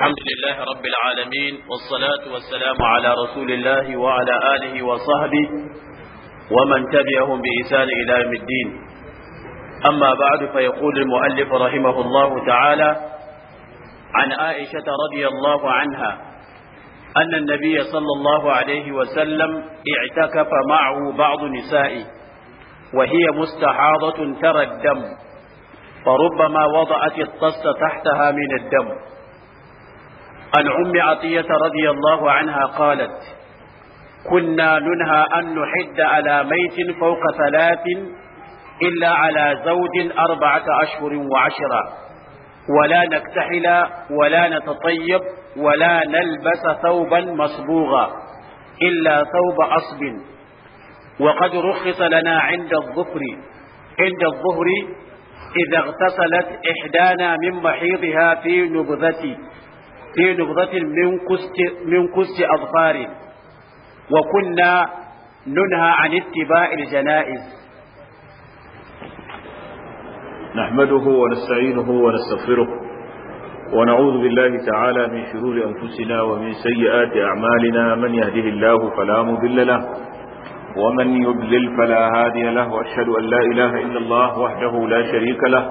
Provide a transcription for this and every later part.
الحمد لله رب العالمين والصلاة والسلام على رسول الله وعلى آله وصحبه ومن تبعهم بإسان إلى يوم الدين أما بعد فيقول المؤلف رحمه الله تعالى عن عائشة رضي الله عنها أن النبي صلى الله عليه وسلم اعتكف معه بعض نسائه وهي مستحاضة ترى الدم فربما وضعت الطس تحتها من الدم عن أم عطية رضي الله عنها قالت كنا ننهى أن نحد على ميت فوق ثلاث إلا على زوج أربعة أشهر وعشرة ولا نكتحل ولا نتطيب ولا نلبس ثوبا مصبوغا إلا ثوب أصب وقد رخص لنا عند الظهر عند الظهر إذا اغتسلت إحدانا من محيضها في نبذتي في نبضة من كست من كست أظفار وكنا ننهى عن اتباع الجنائز نحمده ونستعينه ونستغفره ونعوذ بالله تعالى من شرور أنفسنا ومن سيئات أعمالنا من يهده الله فلا مضل له ومن يضلل فلا هادي له وأشهد أن لا إله إلا الله وحده لا شريك له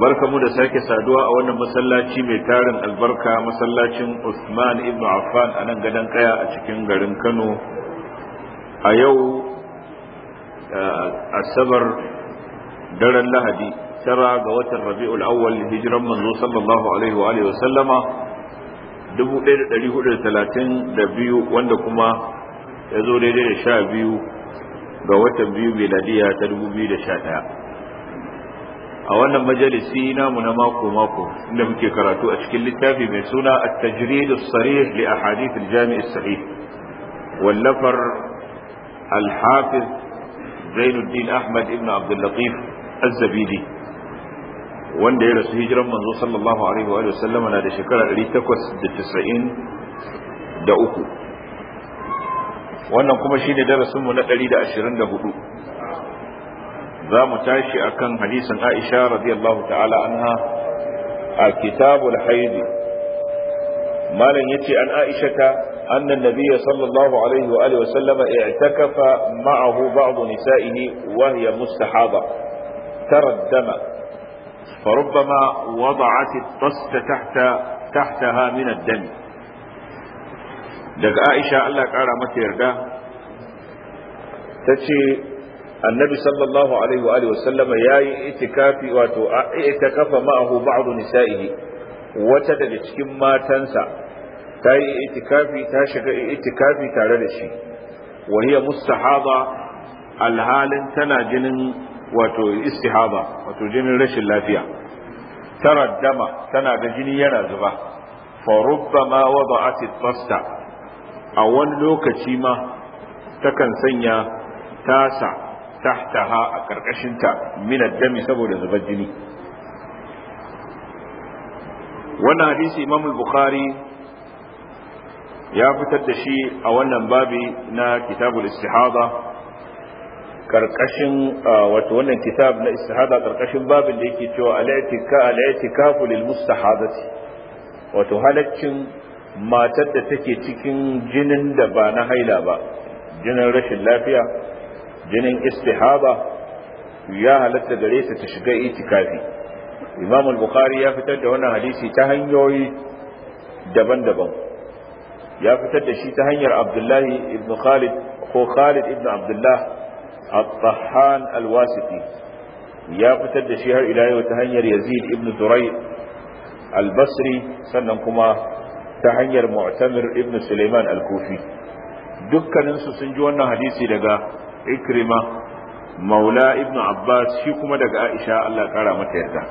barkamu da sake saduwa a wannan masallaci mai tarin albarka masallacin Usman ibn Affan a nan gadon kaya a cikin garin Kano a yau asabar daren Lahadi tara ga watan Rabi'ul Awwal hijran manzo sallallahu alaihi wa alihi wa sallama 1432 wanda kuma ya zo daidai da 12 ga watan biyu miladiya ta 2011 a wannan majalisi namu na mako mako inda muke karatu a cikin littafi mai suna at-tajrid sarih li ahadith sahih wallafar alhafiz hafiz Zainuddin Ahmad ibn Abdul Latif az wanda ya rasu hijiran manzo sallallahu alaihi wa sallam na da shekara 890 da uku wannan kuma shine darasinmu na 124 za mu tashi akan hadisin Aisha radiyallahu ta'ala anha a kitabul haidi malam yace an Aisha ta anna nabiyya sallallahu alaihi wa alihi wa sallama i'takafa ma'ahu ba'd nisa'ihi wa hiya mustahaba taraddama فربما وضعت الطست تحت تحتها من الدم daga Aisha Allah ƙara mata yarda ta ce annabi sallallahu alaihi wa alihi wasallama yayi itikafi wato itikafa ma'ahu ba'd nisa'ihi wata daga cikin matansa ta yi itikafi ta shiga itikafi tare da shi wa hiya mustahaba alhalin tana jinin wato istihaba wato jinin rashin lafiya taraddama tana da jini yana zuba fa rubbama wada'at at a wani lokaci ma takan sanya tasa tahtaha a ƙarƙashinta min dami saboda zubar jini wannan hadisi imam bukhari ya fitar da shi a wannan babi na kitabul istihada ƙarƙashin wato wannan kitab na istihada karkashin babin da yake cewa al'atika al'atikafu lil mustahadati wato halaccin matar da take cikin jinin da ba na haila ba jinin rashin lafiya jinin istihaba ya halatta gare ta ta shiga itikafi imam al-bukhari ya fitar da wannan hadisi ta hanyoyi daban-daban ya fitar da shi ta hanyar abdullahi ibn khalid ko khalid ibn abdullah al-tahan al-wasiti ya fitar da shi har ila yau ta hanyar yazid ibn durai al-basri sannan kuma ta hanyar mu'tamir ibn suleiman al-kufi dukkaninsu sun ji wannan hadisi daga ikrima maula ibn abbas shi kuma daga aisha Allah kara mata yarda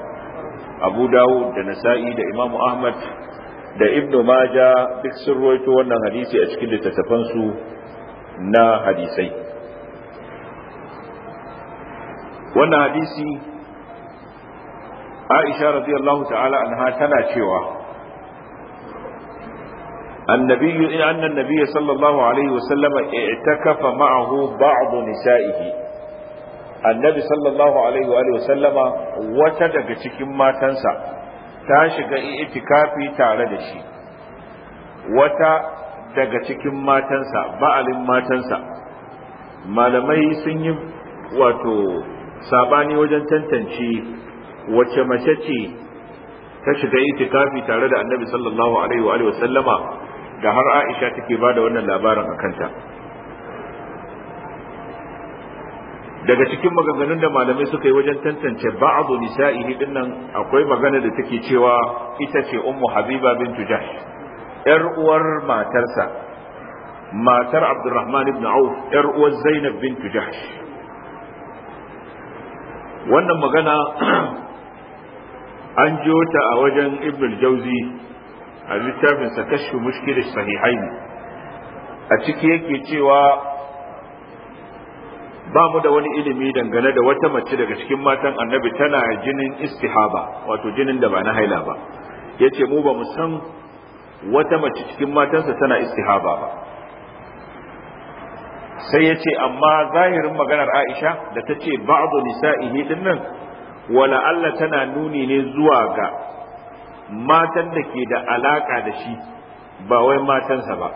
abu dawud da nasa'i da imamu ahmad da ibnu maja duk sun ruwaito wannan hadisi a cikin littattafansu na hadisai wannan hadisi aisha radiyallahu ta'ala anha tana cewa النبي إن أن النبي صلى الله عليه وسلم اعتكف معه بعض نسائه النبي صلى الله عليه وآله وسلم وتدق cikin matansa ta shiga itikafi tare da shi wata daga cikin matansa ba'alin matansa malamai sun yi wato sabani wajen tantance wace mace ce ta shiga itikafi tare da annabi sallallahu wa da har Aisha take ba da wannan labarin a kanta daga cikin maganganun da malamai suka yi wajen tantance ba'adu nisa'ihi din nan akwai magana da take cewa ita ce ummu habiba bintu jahsh yar uwar matarsa matar abdurrahman ibn auf yar uwar zainab bintu jahsh wannan magana an jiyo ta a wajen ibn jauzi a littafin sa kashfu sahihaini a ciki yake cewa ba mu da wani ilimi dangane da wata mace daga cikin matan annabi tana jinin istihaba wato jinin da ba na haila ba yace mu ba mu san wata mace cikin matansa tana istihaba ba sai ya ce amma zahirin maganar aisha da ta ce ba'adu nisa'ihi din wala Allah tana nuni ne zuwa ga matan da ke da alaka da shi ba wai matansa ba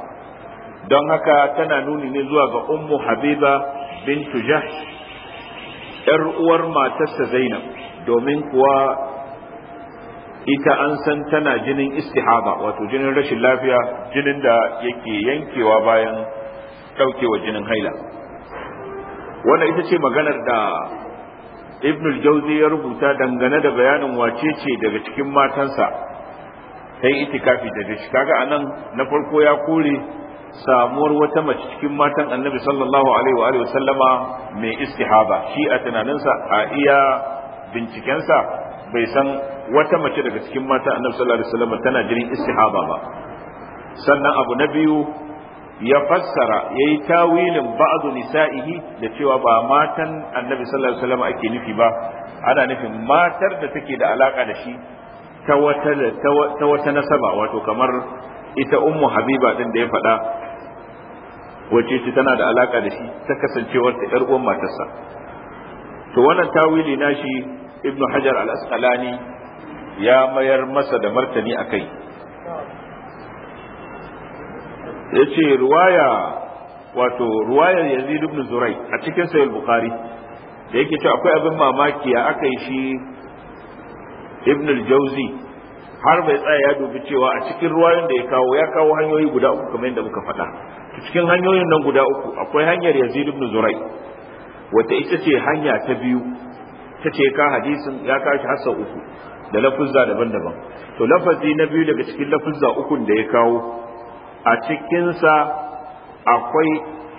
don haka tana nuni ne zuwa ga ummu habiba bintu jahsh yar uwar matarsa zainab domin kuwa ita an san tana jinin istihaba wato jinin rashin lafiya jinin da yake yankewa bayan ɗaukewa jinin haila wannan ita ce maganar da ibn al-jawzi ya rubuta dangane da bayanin wace ce daga cikin matansa ta yi itikafi da shi kaga anan na farko ya kore samuwar wata mace cikin matan annabi sallallahu alaihi wa sallama mai istihaba shi a tunaninsa a iya bincikensa bai san wata mace daga cikin matan annabi sallallahu alaihi wa sallama tana jirin istihaba ba sannan abu na biyu ya fassara ya yi tawilin ba'adu nisa'ihi da cewa ba matan annabi sallallahu alaihi wasallam ake nufi ba ana nufin matar da take da alaka da shi ta wata ta wata nasaba wato kamar ita ummu habiba din da ya faɗa wace ce tana da alaka da shi ta kasancewar ta yar uwan matarsa to wannan tawili shi ibnu hajar al-asqalani ya mayar masa da martani akai yace ruwaya wato ruwayar Yazid ibn Zurai a cikin sahih Bukhari da yake cewa akwai abin mamaki ya aka yi shi Ibn al-Jawzi har bai tsaya ya dubi cewa a cikin ruwayoyin da ya kawo ya kawo hanyoyi guda uku kamar yadda muka faɗa cikin hanyoyin nan guda uku akwai hanyar Yazid ibn Zurai wata ita ce hanya ta biyu ta ce ka hadisin ya kashi hasa uku da lafuzza daban-daban to lafazi na biyu daga cikin lafuzza ukun da ya kawo a cikinsa akwai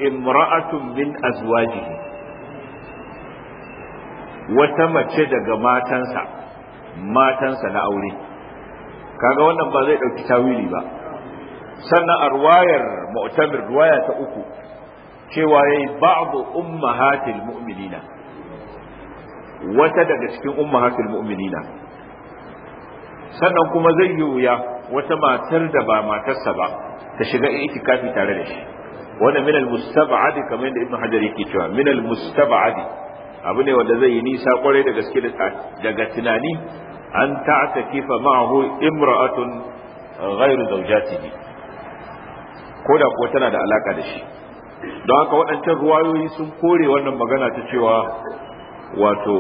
imra'atun min azwaji wata mace daga matansa matansa na aure kaga wannan ba zai ɗauki tawili ba sannan a ruwayar mu'tamir ruwaya ta uku cewa yayi ba'du ummahatil mu'minina wata daga cikin ummahatil mu'minina sannan kuma zai yi wuya wata matar da ba matarsa ba ta shiga itikafi tare da shi wannan min al-mustab'adi kamar yadda ibnu hajar yake cewa min al-mustab'adi abu ne wanda zai yi nisa kwarai da gaske daga tunani an ta'takifa ma'ahu imra'atun ghairu zawjatihi ko da kuwa tana da alaka da shi don haka waɗancan ruwayoyi sun kore wannan magana ta cewa wato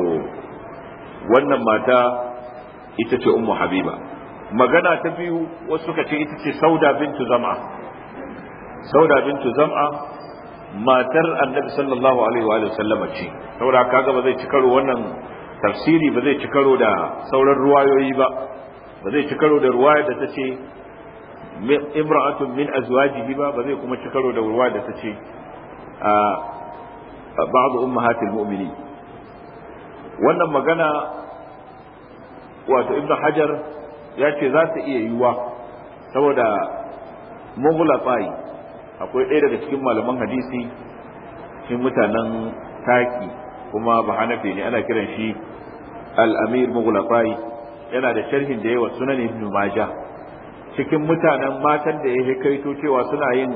wannan mata ita ce ummu habiba magana ta biyu wasu suka ce ita ce sauda bintu zama sauda bintu zama matar annabi sallallahu alaihi wa sallama ce saboda kaga ba zai ci karo wannan tafsiri ba zai ci karo da sauran ruwayoyi ba ba zai ci karo da ruwaya da ta ce imra'atun min azwajihi ba ba zai kuma ci karo da ruwaya da ta ce ba'du ummahatil mu'minin wannan magana wato ibnu hajar ya ce za su iya yiwuwa saboda tsayi akwai ɗaya daga cikin malaman hadisi shi mutanen taki kuma bahanafi ne ana kiran shi al-amir tsayi yana da sharhin da yawa sunan ibn Maja. cikin mutanen matan da ya to cewa suna yin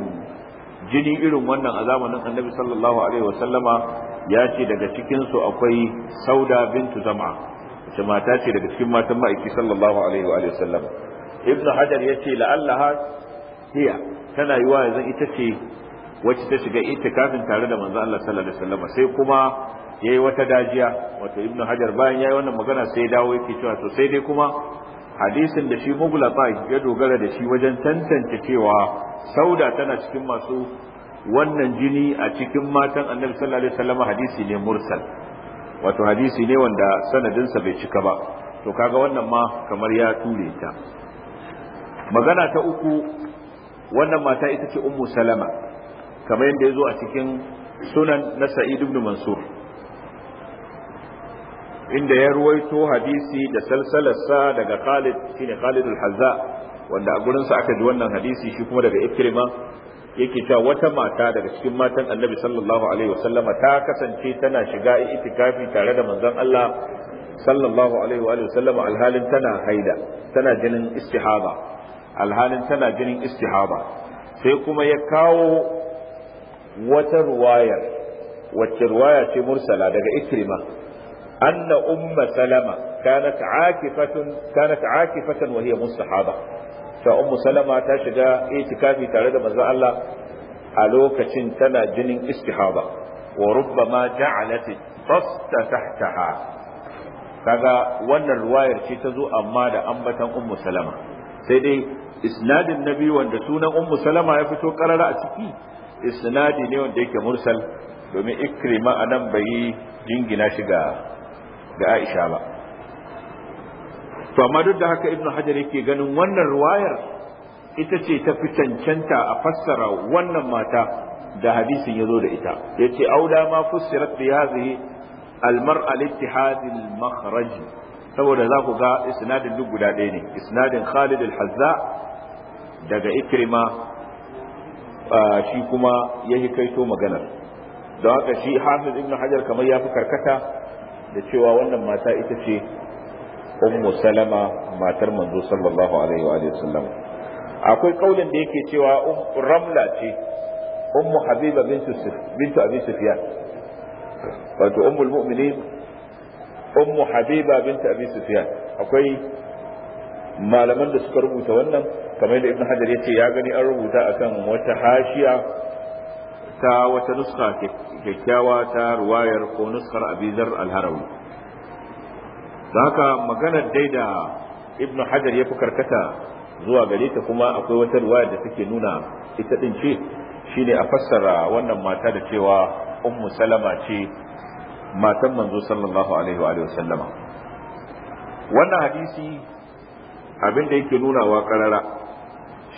jini irin wannan a zamanin annabi sallallahu alaihi wasallama ya ce daga cikinsu akwai sauda bintu zama mace mata ce daga cikin matan ma'aiki sallallahu alaihi wa sallam ibn hajar yace la'allaha hiya tana yiwa yanzu ita ce wacce ta shiga itikafin tare da manzo Allah sallallahu alaihi wasallam sai kuma yayi wata dajiya wato ibnu hajar bayan yayi wannan magana sai dawo yake cewa to sai dai kuma hadisin da shi mugula ya dogara da shi wajen tantance cewa sauda tana cikin masu wannan jini a cikin matan annabi sallallahu alaihi wasallam hadisi ne mursal wato hadisi ne wanda sanadinsa bai cika ba to kaga wannan ma kamar ya ture ta magana ta uku wannan mata ita ce ummu salama kamar yadda ya zo a cikin sunan na sa'id ibn mansur inda ya ruwaito hadisi da salsalarsa daga Khalid shine Khalid al-Hazza wanda a gurinsa aka ji wannan hadisi shi kuma daga Ikrima yake cewa wata mata daga cikin matan annabi sallallahu alaihi wasallama ta kasance tana shiga itikafi tare da manzon Allah sallallahu alaihi wa sallama alhalin tana haida tana jinin istihaba alhalin tana jinin istihaba sai kuma ya kawo wata ruwayar wacce ruwaya ce mursala daga ikrima anna umma salama kanat akifatun kanat akifatan wa hiya mustahaba ta ummu salama ta shiga itikafi tare da manzon Allah a lokacin tana jinin istihaba wa rubbama ja'alat tasta tahtaha kaga wannan ruwayar ce ta zo amma da ambatan ummu salama sai dai isnadin nabi wanda sunan ummu salama ya fito karara a ciki isnadi ne wanda yake mursal domin ikrima anan bai jingina shiga ga Aisha ba to amma duk da haka ibnu hajar yake ganin wannan ruwayar ita ce ta fi cancanta a fassara wannan mata da hadisin ya zo da ita ya ce auda ma fussirat bi hadhihi almar'a littihad almakhraj saboda za ku ga isnadin duk guda ɗaya ne isnadin Khalid al-Hazza daga Ikrima shi kuma ya kaito maganar don haka shi Hafiz ibn Hajar kamar ya fi karkata da cewa wannan mata ita ce ummu salama matar manzo sallallahu alaihi wa sallam akwai kaulin da yake cewa um, ramla ce ummu habiba bintu abi sufyan wato ummul mu'minin ummu habiba bintu abi sufyan akwai malaman da suka rubuta wannan kamar da ibn hajar yace ya gani an rubuta akan wata hashiya ta wata nuska kyakkyawa ta ruwayar ko nuskar abizar al-harawi da haka maganar dai da Ibn hajar ya fi karkata zuwa gare ta kuma akwai wata ruwaya da take nuna ita din ce shine a fassara wannan mata da cewa ummu salama ce matan manzo sallallahu alaihi wa sallama wannan hadisi abin da yake nunawa karara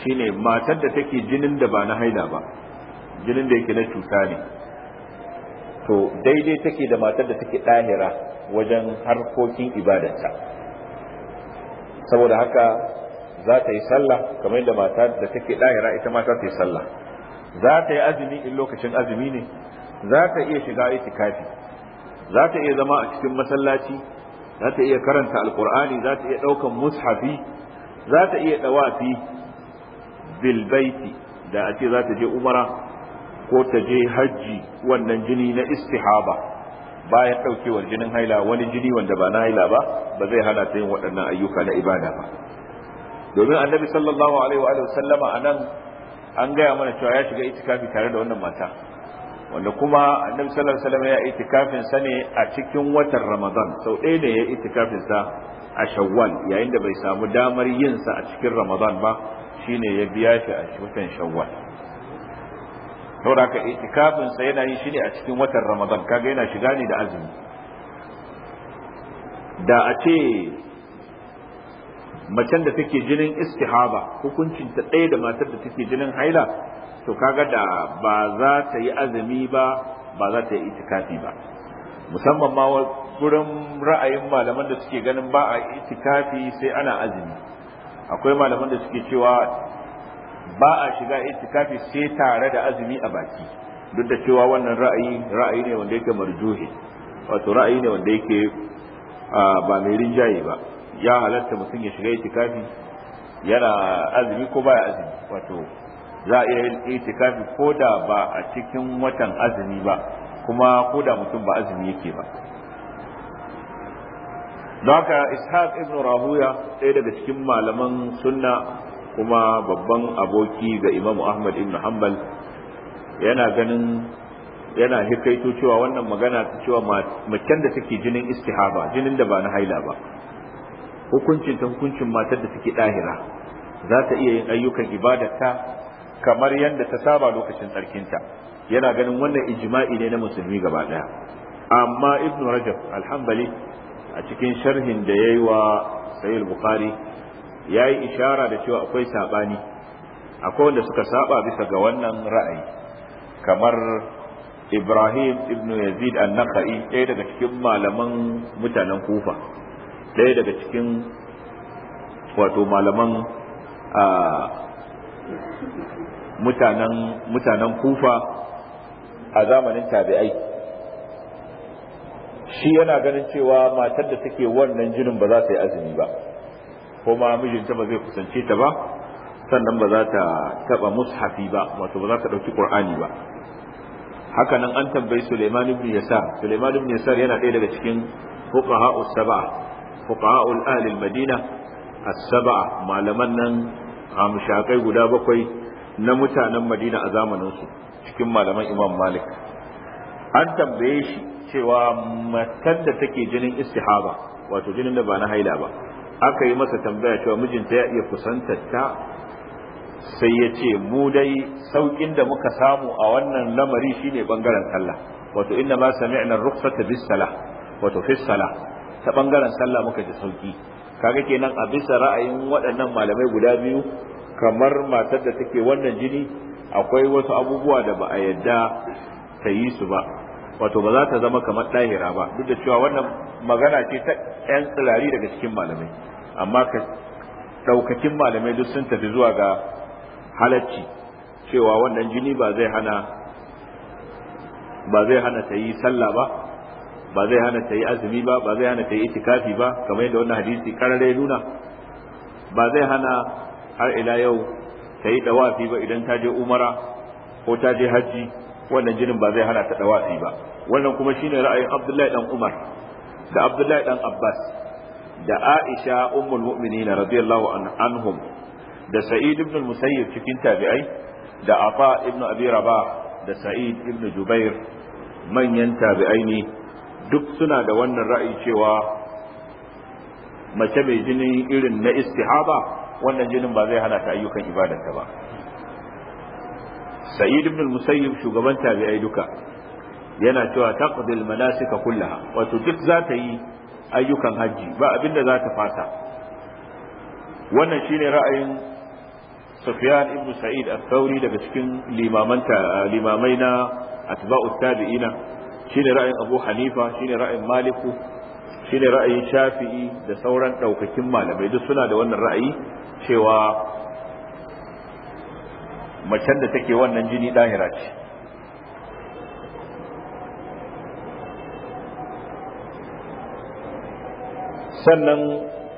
shine matar da take jinin da ba na haila ba jinin da yake na cuta ne to daidai take da matar da take ɗahira wajen harkokin ibadarta saboda haka za ta yi sallah kamar yadda mata da take ɗahira ita mata ta yi sallah za ta yi azumi in lokacin azumi ne za ta iya shiga itikafi za ta iya zama a cikin masallaci za ta iya karanta alkur'ani za ta iya ɗaukan mushafi za ta iya ɗawafi bilbaiti da a ce za ta je umara ko ta je hajji wannan jini na istihaba bayan ɗaukewar jinin haila wani jini wanda ba na haila ba ba zai hana ta yin waɗannan ayyuka na ibada ba domin annabi sallallahu alaihi wa sallama a nan an gaya mana cewa ya shiga itikafi tare da wannan mata wanda kuma annabi sallallahu alaihi ya itikafin sa ne a cikin watan ramadan sau ɗaya ne ya itikafin sa a shawwal yayin da bai samu damar yin sa a cikin ramadan ba shine ya biya shi a watan shawwal saboda ka itikafin sa yana yi shi ne a cikin watan ramadan kaga yana shiga ne da azumi da a ce macen da take jinin istihaba hukuncin ta ɗaya da matar da take jinin haila to kaga da ba za ta yi azumi ba ba za ta yi itikafi ba musamman ma gurin ra'ayin malaman da suke ganin ba a itikafi sai ana azumi akwai malaman da suke cewa ba a shiga itikafi sai tare da azumi a baki duk da cewa wannan ra'ayi ra'ayi ne wanda yake marjuhi wato ra'ayi ne wanda yake ba mai rinjaye ba ya halatta mutum ya shiga itikafi yana azumi ko ba ya azumi wato za a iya itikafi ko da ba a cikin watan azumi ba kuma ko da mutum ba azumi yake ba don haka ishaq ibn rahuya ɗaya daga cikin malaman sunna kuma babban aboki ga Imam Ahmad ibn Hanbal yana ganin yana hikaito cewa wannan magana cewa macen da take jinin istihaba jinin da ba na haila ba hukuncin ta hukuncin matar da take dahira za ta iya yin ayyukan ibada ta kamar yadda ta saba lokacin tsarkinta yana ganin wannan ijma'i ne na musulmi gaba daya amma ibnu rajab alhambali a cikin sharhin da yayi wa Sayyid bukhari ya yi ishara da cewa akwai saɓani akwai wanda suka saba bisa ga wannan ra'ayi kamar ibrahim ibn yazid an naqai ɗaya daga cikin malaman mutanen kufa ɗaya daga cikin wato malaman mutanen kufa a zamanin tabi'ai shi yana ganin cewa matar da take wannan jinin ba za ta yi azumi ba ma mijinta ba zai kusance ta ba sannan ba za ta taba mushafi ba wato ba za ta dauki qur'ani ba haka nan an tambayi Sulaiman ibn Yasar Sulaiman ibn Yasar yana ɗaya daga cikin fuqaha us-sab'a fuqaha ahli al-Madina as-sab'a malaman nan amshakai guda bakwai na mutanen Madina a zamanin su cikin malaman Imam Malik an tambaye shi cewa matan da take jinin istihaba wato jinin da ba na haila ba aka yi masa tambaya cewa mijinta ya iya kusantar ta sai ya ce mu dai saukin da muka samu a wannan lamari shine bangaren sallah wato inna ma sami'na rukhsata bis salah wato fi salah ta bangaren sallah muka ji sauki kaga kenan a bisa ra'ayin waɗannan malamai guda biyu kamar matar da take wannan jini akwai wasu abubuwa da ba a yadda ta yi su ba wato ba za ta zama kamar ɗahira ba duk da cewa wannan magana ce ta 'yan tsirari daga cikin malamai amma ka ɗaukakin malamai duk sun tafi zuwa ga halacci cewa wannan jini ba zai hana ba zai hana ta yi sallah ba ba zai hana ta yi azumi ba ba zai hana ta yi itikafi ba kamar yadda wannan hadisi karare nuna ba zai hana har ila yau ta yi dawafi ba idan ta je umara ko ta je hajji wannan jinin ba zai hana ta dawafi ba wannan kuma shine ra'ayin Abdullahi dan Umar da Abdullahi dan Abbas da Aisha ummul mu'minin radiyallahu anhum da Sa'id ibn al-Musayyib cikin tabi'ai da Afa ibn Abi Rabah da Sa'id ibn Jubair manyan tabi'ai ne duk suna da wannan ra'ayi cewa mace mai jini irin na istihaba wannan jinin ba zai hana ta ayyukan ibadarta ba sa'id ibn al shugaban tabi'ai duka yana cewa taqdi al-manasika kullaha wato duk za ta yi ayyukan hajji ba da za ta fasa wannan shine ra'ayin Sufyan ibn Sa'id al-Thawri daga cikin limamanta limamai na atba'u tabi'ina shine ra'ayin Abu Hanifa shine ra'ayin Maliku shine ra'ayin Shafi'i da sauran ɗaukakin malamai duk suna da wannan ra'ayi cewa macen da take wannan jini ɗahira ce sannan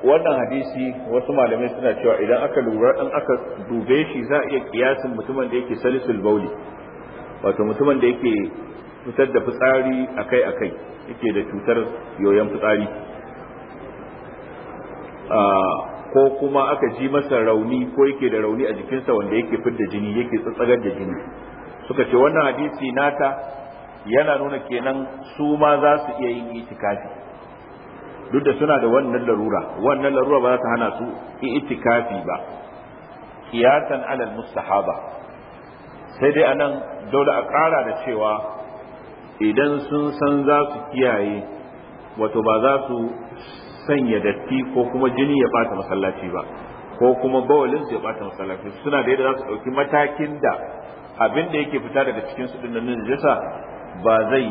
wannan hadisi wasu malamai suna cewa idan aka lura in aka dube shi za a iya kiyasin mutumin da yake salisul bauli wato mutumin da yake fitar da fitsari akai akai yake da cutar yoyon fitsari ah, ko kuma aka ji masa rauni ko yake da rauni a jikinsa wanda yake fidda jini yake tsatsagar da jini suka ce wannan hadisi nata yana nuna kenan su ma za su iya yin itikafi duk da suna da wannan larura wannan larura ba za ta hana su itikafi ba Kiyatan alal mustahaba sai dai anan dole a ƙara da cewa idan sun san za su kiyaye wato ba za su sanya datti ko kuma jini ya bata masallaci ba ko kuma bawalin ya bata masallaci suna da yadda za su dauki matakin da abin da yake fita daga cikin su dinnan najasa ba zai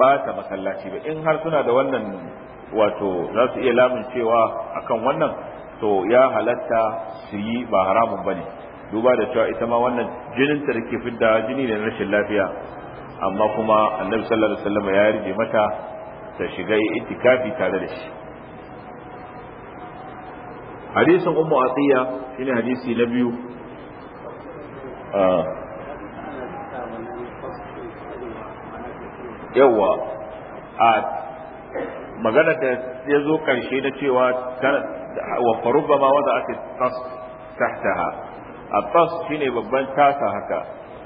bata masallaci ba in har suna da wannan wato za su iya lamun cewa akan wannan to ya halatta su yi ba haramun bane duba da cewa ita ma wannan jinin ta dake fidda jini ne na rashin lafiya amma kuma annabi sallallahu alaihi wasallam ya rige mata ta shiga itikafi tare da shi hadisin ummu atiya shine hadisi na biyu ah. yawa a ah. magana da ya zo karshe na cewa wa faruba ma wanda ake tas ha a tas shine babban tasa haka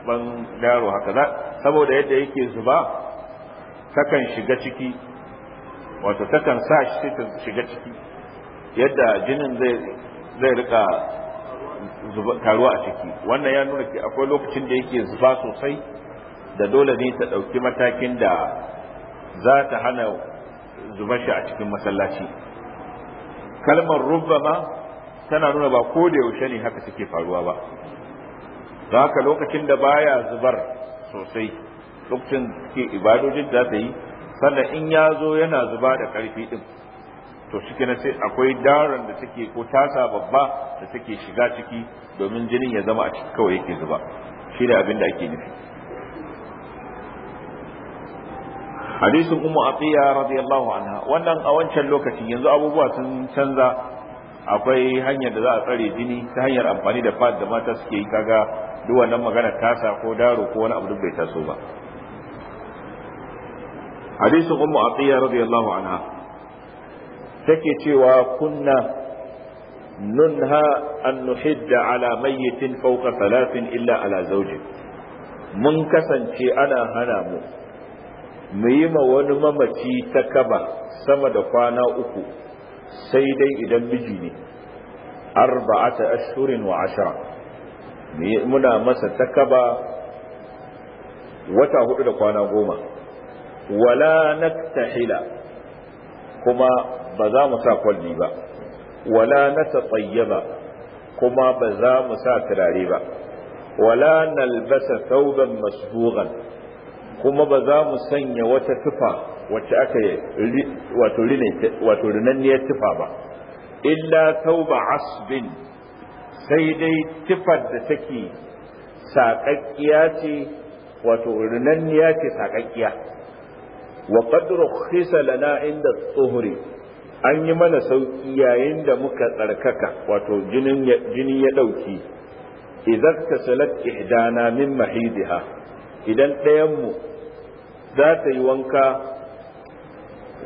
ban daro haka saboda yadda yake zuba takan shiga ciki wato takan sa shi ta shiga ciki yadda jinin zai rika taruwa a ciki wannan ya nuna ke akwai lokacin da yake zuba sosai da dole ne ta ɗauki matakin da za ta hana zuba shi a cikin masallaci kalmar rubama tana nuna ba ko da yaushe ne haka suke faruwa ba Za ka lokacin da baya zubar sosai lokacin ke ibadojin da ta yi sannan in ya zo yana zuba da ƙarfi ɗin to shi na sai akwai daron da take ko tasa babba da take shiga ciki domin jinin ya zama a ciki kawai yake zuba shi ne abin da ake nufi hadisin ummu atiya radiyallahu anha wannan a wancan lokacin yanzu abubuwa sun canza akwai hanyar da za a tsare jini ta hanyar amfani da fad da mata suke yi kaga duk wannan magana tasa ko daro ko wani abu duk bai taso ba hadisin ummu atiya radiyallahu anha take cewa kunna nunha an nuhidda ala mayyitin fawqa salatin illa ala mun kasance ana hana mu mu yi ma wani mamaci ta kaba sama da kwana uku sai dai idan miji ne arba'ata ashhurin wa ashara muna masa ta kaba wata hudu da kwana goma wala naktahila kuma ba za mu sa kwalli ba wala na tsayyaba kuma ba za mu sa turare ba wala nalbasa thawban masbughan kuma ba za mu sanya wata tufa wacce aka yi wato rinanniyar tufa ba illa tauba asbin sai dai tufar da take saƙaƙƙiya ce wato rinanniya ce saƙaƙƙiya wa qad rukhisa lana inda tsuhuri an yi mana sauki yayin da muka tsarkaka wato jini ya ɗauki idan ka salat ihdana min mahidiha idan ɗayanmu za ta yi wanka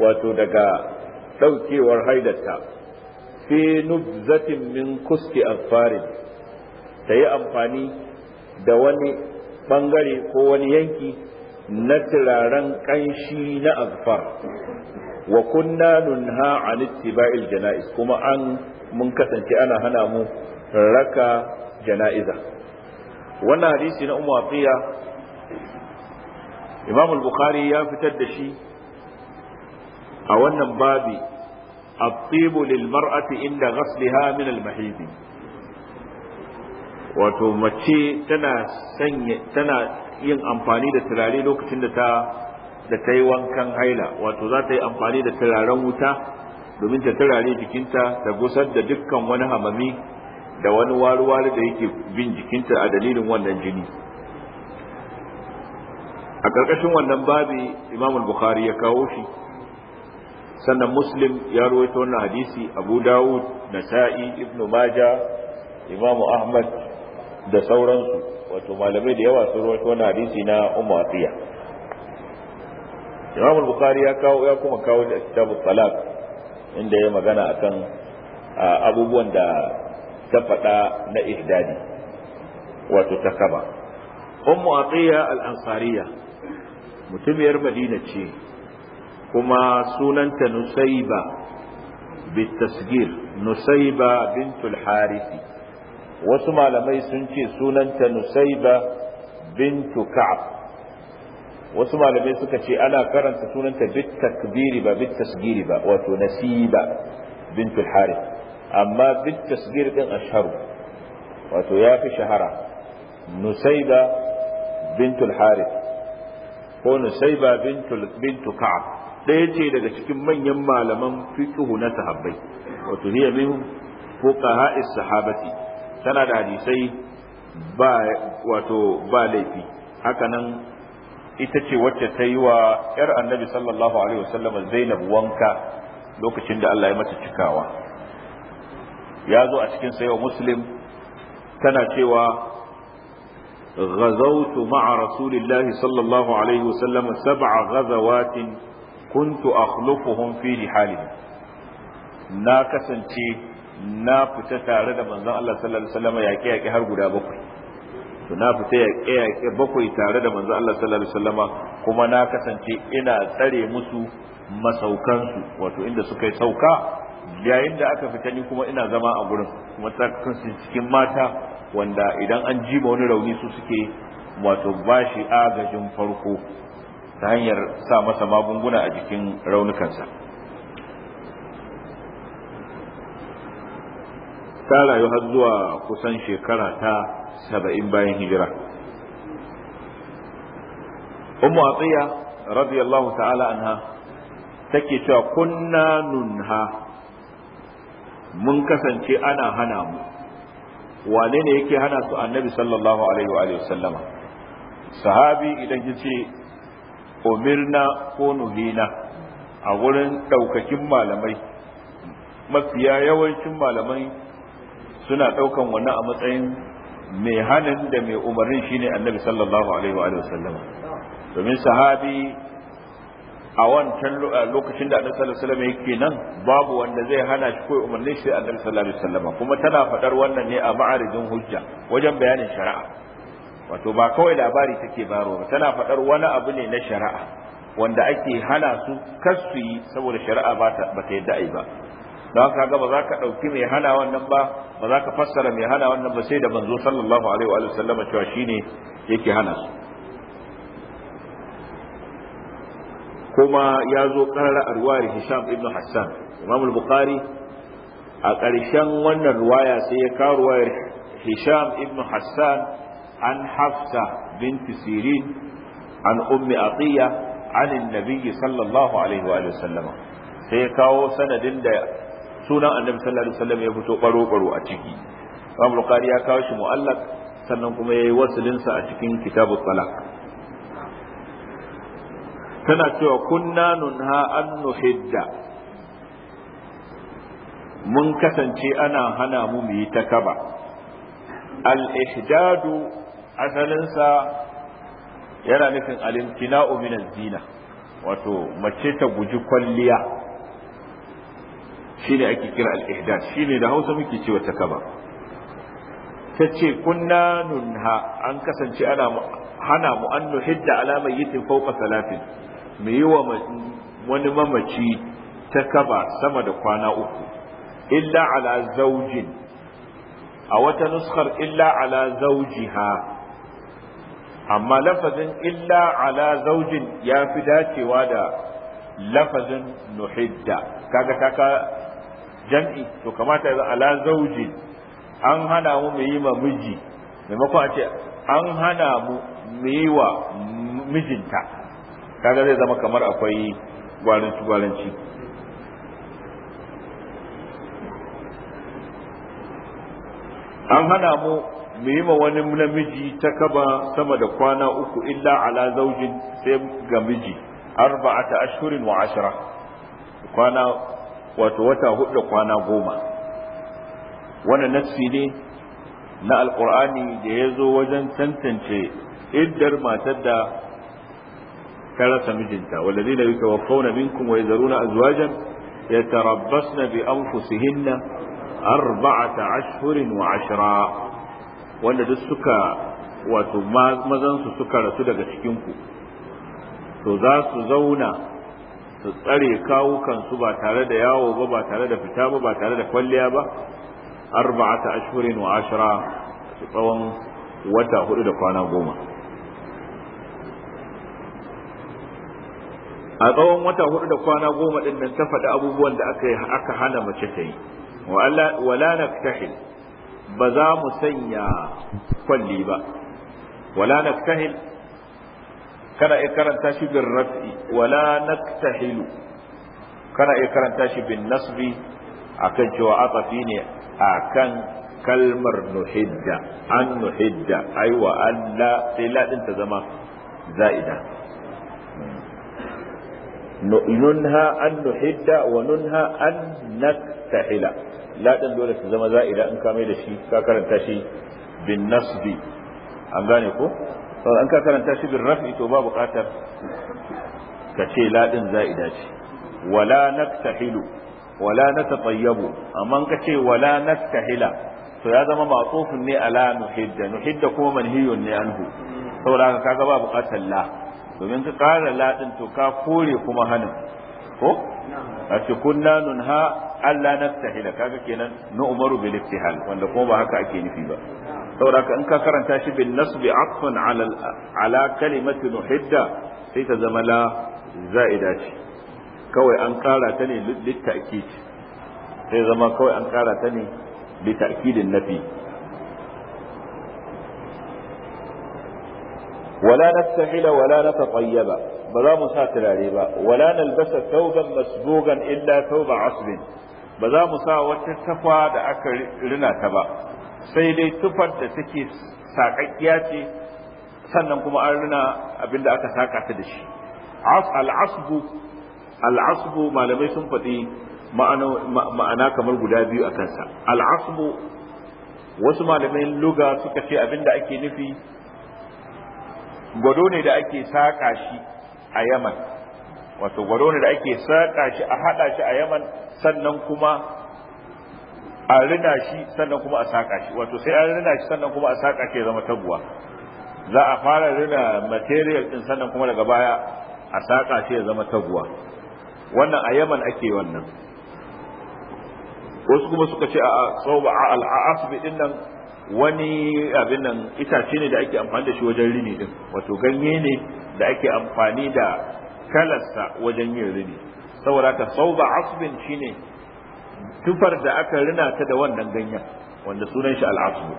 wato daga ɗaukewar haidata fi nubzatin min kuski alfarin ta yi amfani da wani ɓangare ko wani yanki na turaren ƙanshi na azfar wa kunna nunha an ittiba'il jana'iz kuma an mun kasance ana hana mu raka jana'iza wannan hadisi na Ummu Atiya Imam al-Bukhari ya fitar da shi a wannan babi at-tibu lil mar'ati inda ghasliha min al-mahidi wato mace tana yin amfani da turare lokacin da ta da ta yi wankan haila wato za ta yi amfani da turaren wuta domin ta turare jikinta ta gusar da dukkan wani hamami da wani waruwar da yake bin jikinta a dalilin wannan jini a ƙarƙashin wannan babi imamul bukhari ya kawo shi sannan muslim ya rawaita wannan hadisi abu dawud nasa'i ibnu maja imamu ahmad da sauransu wato malamai da yawa sun rawaito wannan hadisi na ummu atiya imam bukhari ya kawo ya kuma kawo da kitabu talaq inda ya magana akan abubuwan da ta faɗa na ihdadi wato ta kaba ummu atiya al-ansariya mutumiyar madina ce kuma sunanta nusaiba bitasgir nusaiba bintul harisi wasu malamai sun ce sunanta nusaiba bintu ka'ab wasu malamai suka ce ana karanta sunanta bit takbiri ba bit tasgiri ba wato nasiba bintu harith amma bit tasgir din asharu wato ya fi shahara nusaiba bintu harith ko nusaiba bintu ka'ab ɗaya ce daga cikin manyan malaman fiqhu na sahabbai wato hiya min fuqaha as-sahabati tana da hadisai ba wato ba laifi hakanan ita ce wacce ta yi wa 'yar annabi sallallahu alaihi zainab wanka lokacin da Allah ya mata cikawa ya zo a cikin sayo muslim tana cewa غزوت مع رسول الله صلى الله عليه وسلم سبع غزوات كنت أخلفهم في رحالهم na kasance na fita tare da manzon Allah sallallahu alaihi wasallam yaƙe yaƙe har guda bakwai to na fita yaƙe yaƙe bakwai tare da manzon Allah sallallahu alaihi wasallam kuma na kasance ina tsare musu masaukan su. wato inda suka yi sauka yayin da aka fita ni kuma ina zama a gurin kuma tsakansu cikin mata wanda idan an ji wani rauni su suke wato bashi agajin farko ta hanyar sa masa magunguna a jikin raunukansa. ta rayu har zuwa kusan shekara ta saba'in bayan hijira Umu atiya radiyallahu ta'ala anha take cewa kunna nunha mun kasance ana hana mu wane ne yake hana su annabi sallallahu alaihi wa sallama sahabi idan yace umirna ko nuhina a wurin ɗaukakin malamai mafiya yawancin malamai suna ɗaukan wannan a matsayin mai hanin da mai umarnin shine annabi sallallahu alaihi wa sallama domin sahabi a wancan lokacin da annabi sallallahu alaihi wasallam yake nan babu wanda zai hana shi koyi umarnin shi annabi sallallahu alaihi wasallam kuma tana faɗar wannan ne a ma'arijin hujja wajen bayanin shari'a wato ba kawai labari take baro ba tana faɗar wani abu ne na shari'a wanda ake hana su kar su yi saboda shari'a ba ta yadda ai ba da haka ga ba za ka ɗauki mai hana wannan ba ba za ka fassara mai hana wannan ba sai da manzo sallallahu alaihi wa sallama cewa shine yake hana su kuma ya zo karara a ruwayar Hisham ibn Hassan Imam al-Bukhari a ƙarshen wannan ruwaya sai ya kawo ruwayar Hisham ibn Hassan an Hafsa binti Sirin an Ummi Atiya an Nabi sallallahu alaihi wa sallama sai ya kawo sanadin da sunan annabi sallallahu alaihi wasallam ya fito baro baro a ciki Imam Bukhari ya kawo shi mu'allaq sannan kuma yayi wasilin sa a cikin kitabut talaq tana cewa kunna nunha an nuhidda mun kasance ana hana mu mu yi takaba al-ihdadu asalinsa yana nufin al-imtina'u min az-zina wato mace ta guji kwalliya shine ake kira al-ihdath shine da Hausa muke cewa takaba tace kunna nunha an kasance ana hana mu an nuhidda ala mayyitin fawqa salatin me yi wa wani mamaci takaba sama da kwana uku illa ala zaujin a wata nuskar illa ala zaujiha amma lafazin illa ala zaujin ya fi dacewa da lafazin nuhidda kaga ta jam'i to kamata ya ala zauji an hana mu mu yi ma miji maimakon a ce an hana mu mu yi wa mijinta kaga zai zama kamar akwai gwaranci gwaranci an hana mu mu yi ma wani namiji ta kaba sama da kwana uku illa ala zaujin sai ga miji arba'ata ashhurin wa ashara kwana wato wata hudu kwana goma wannan nassi ne na alkur'ani da ya zo wajen tantance iddar matar da ta rasa mijinta walladina yatawaffawna minkum wa yadharuna azwajan na bi anfusihinna arba'ata ashhurin wa ashira. wanda duk suka wato mazansu suka rasu daga cikinku to za su zauna su tsare kawukansu ba tare da yawo ba ba tare da fita ba ba tare da kwalliya ba arba'ata ashhurin wa ashra tsawon wata hudu da kwana goma a tsawon wata hudu da kwana goma din nan ta faɗi abubuwan da aka aka hana mace ta yi wala naktahil ba za mu sanya kwalli ba wala naktahil kana iya karanta shi bin raf'i wala naktahilu kana iya karanta shi bin nasbi akan cewa atafi ne akan kalmar nuhidda an nuhidda aiwa Allah sai ladin ta zama za'ida nunha an nuhidda wa nunha an naktahila ladin dole ta zama za'ida in ka mai da shi ka karanta shi bin nasbi an gane ko an ka karanta shi bin rafi to ba buƙatar ka ce laɗin za'ida ce wala naktahilu wala natatayyabu amma ka ce wala naktahila to ya zama matsofin ne ala nuhidda nuhidda kuma manhiyun ne anhu saboda ka ga ba buƙatar la domin ka ƙara ladin to ka kore kuma hanin ko a ce kunna nunha Allah naftahila kaga kenan na umaru bil iftihal wanda kuma ba haka ake nufi ba saboda in ka karanta shi bin nasbi atfan ala kalimatu nuhidda sai ta zama la za'ida ce kawai an kara ta ne litta'kid sai zama kawai an kara ta ne litta'kidin nafi wala nastahila wala natayyaba ba za mu sa turare ba wala nalbasa thawban masbugan illa thawba asbin ba za mu sa wata tafa da aka rina ta ba sai dai tufar da take sakakkiya ce sannan kuma an rina abin da aka saka ta da shi al'asbu al'asbu malamai sun faɗi ma'ana kamar guda biyu a kansa al'asbu wasu malamai luga suka ce abin da ake nufi gwado ne da ake saƙa shi a yaman wato gwado ne da ake saƙa shi a haɗa shi a yaman sannan kuma a rina shi sannan kuma a saka shi wato sai an rina shi sannan kuma a saka shi ya zama taguwa za a fara rina material din sannan kuma daga baya a saka shi ya zama taguwa wannan a Yaman ake wannan wasu kuma suka ce a tsoba al'asbi din nan wani abin nan itace ne da ake amfani da shi wajen rini din wato ganye ne da ake amfani da kalarsa wajen yin rini saboda ta tsoba asbin shine tufar da aka rina ta da wannan ganyen wanda sunan shi al'asbu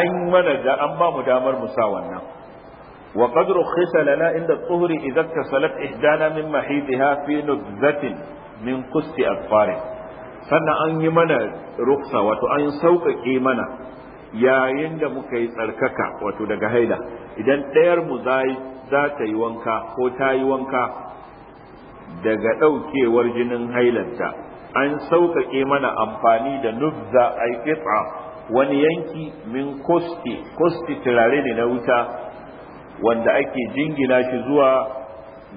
an mana da an ba mu damar mu sa wannan wa qad ta lana inda tsuhri idza kasalat ihdana min mahidha fi nubzatin min qusti afar sannan an yi mana ruksa wato an sauƙaƙe mana yayin da muka yi tsarkaka wato daga haila idan ɗayar mu zai za ta yi wanka ko ta yi wanka daga ɗaukewar jinin hailanta an sauƙaƙe mana amfani da nufza aikitsa wani yanki min kosti kosti turare ne na wuta wanda ake jingina shi zuwa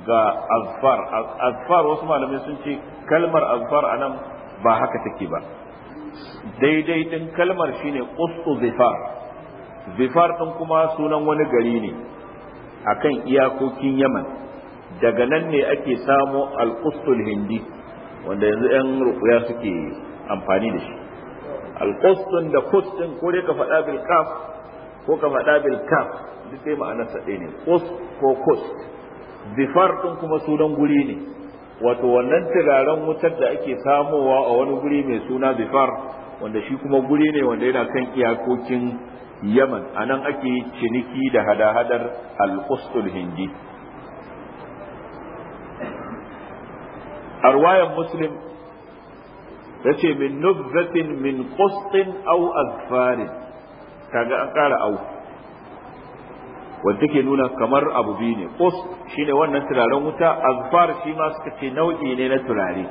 ga azfar azfar wasu malamai sun ce kalmar azfar a nan ba haka take ba daidai ɗin kalmar shine ƙustu zifar zifar ɗin kuma sunan wani gari ne akan iyakokin yaman daga nan ne ake samo alƙustul hindi wanda yanzu 'yan rukuya suke amfani da shi alƙustun da kustun ko dai ka faɗa bil kaf ko ka faɗa bil kaf duk dai ma'anar sa ne kus ko kus zifar ɗin kuma sunan guri ne wato wannan turaren wutar da ake samowa a wani guri mai suna zifar wanda shi kuma guri ne wanda yana kan iyakokin yaman a nan ake ciniki da hada-hadar al-qustul hindi arwayan muslim ya ce min nubzatin min qustin au azfarin kaga an ƙara au wanda ke nuna kamar abu biyu ne qust shine wannan turaren wuta azfar shi ma suka ce nau'i ne na turare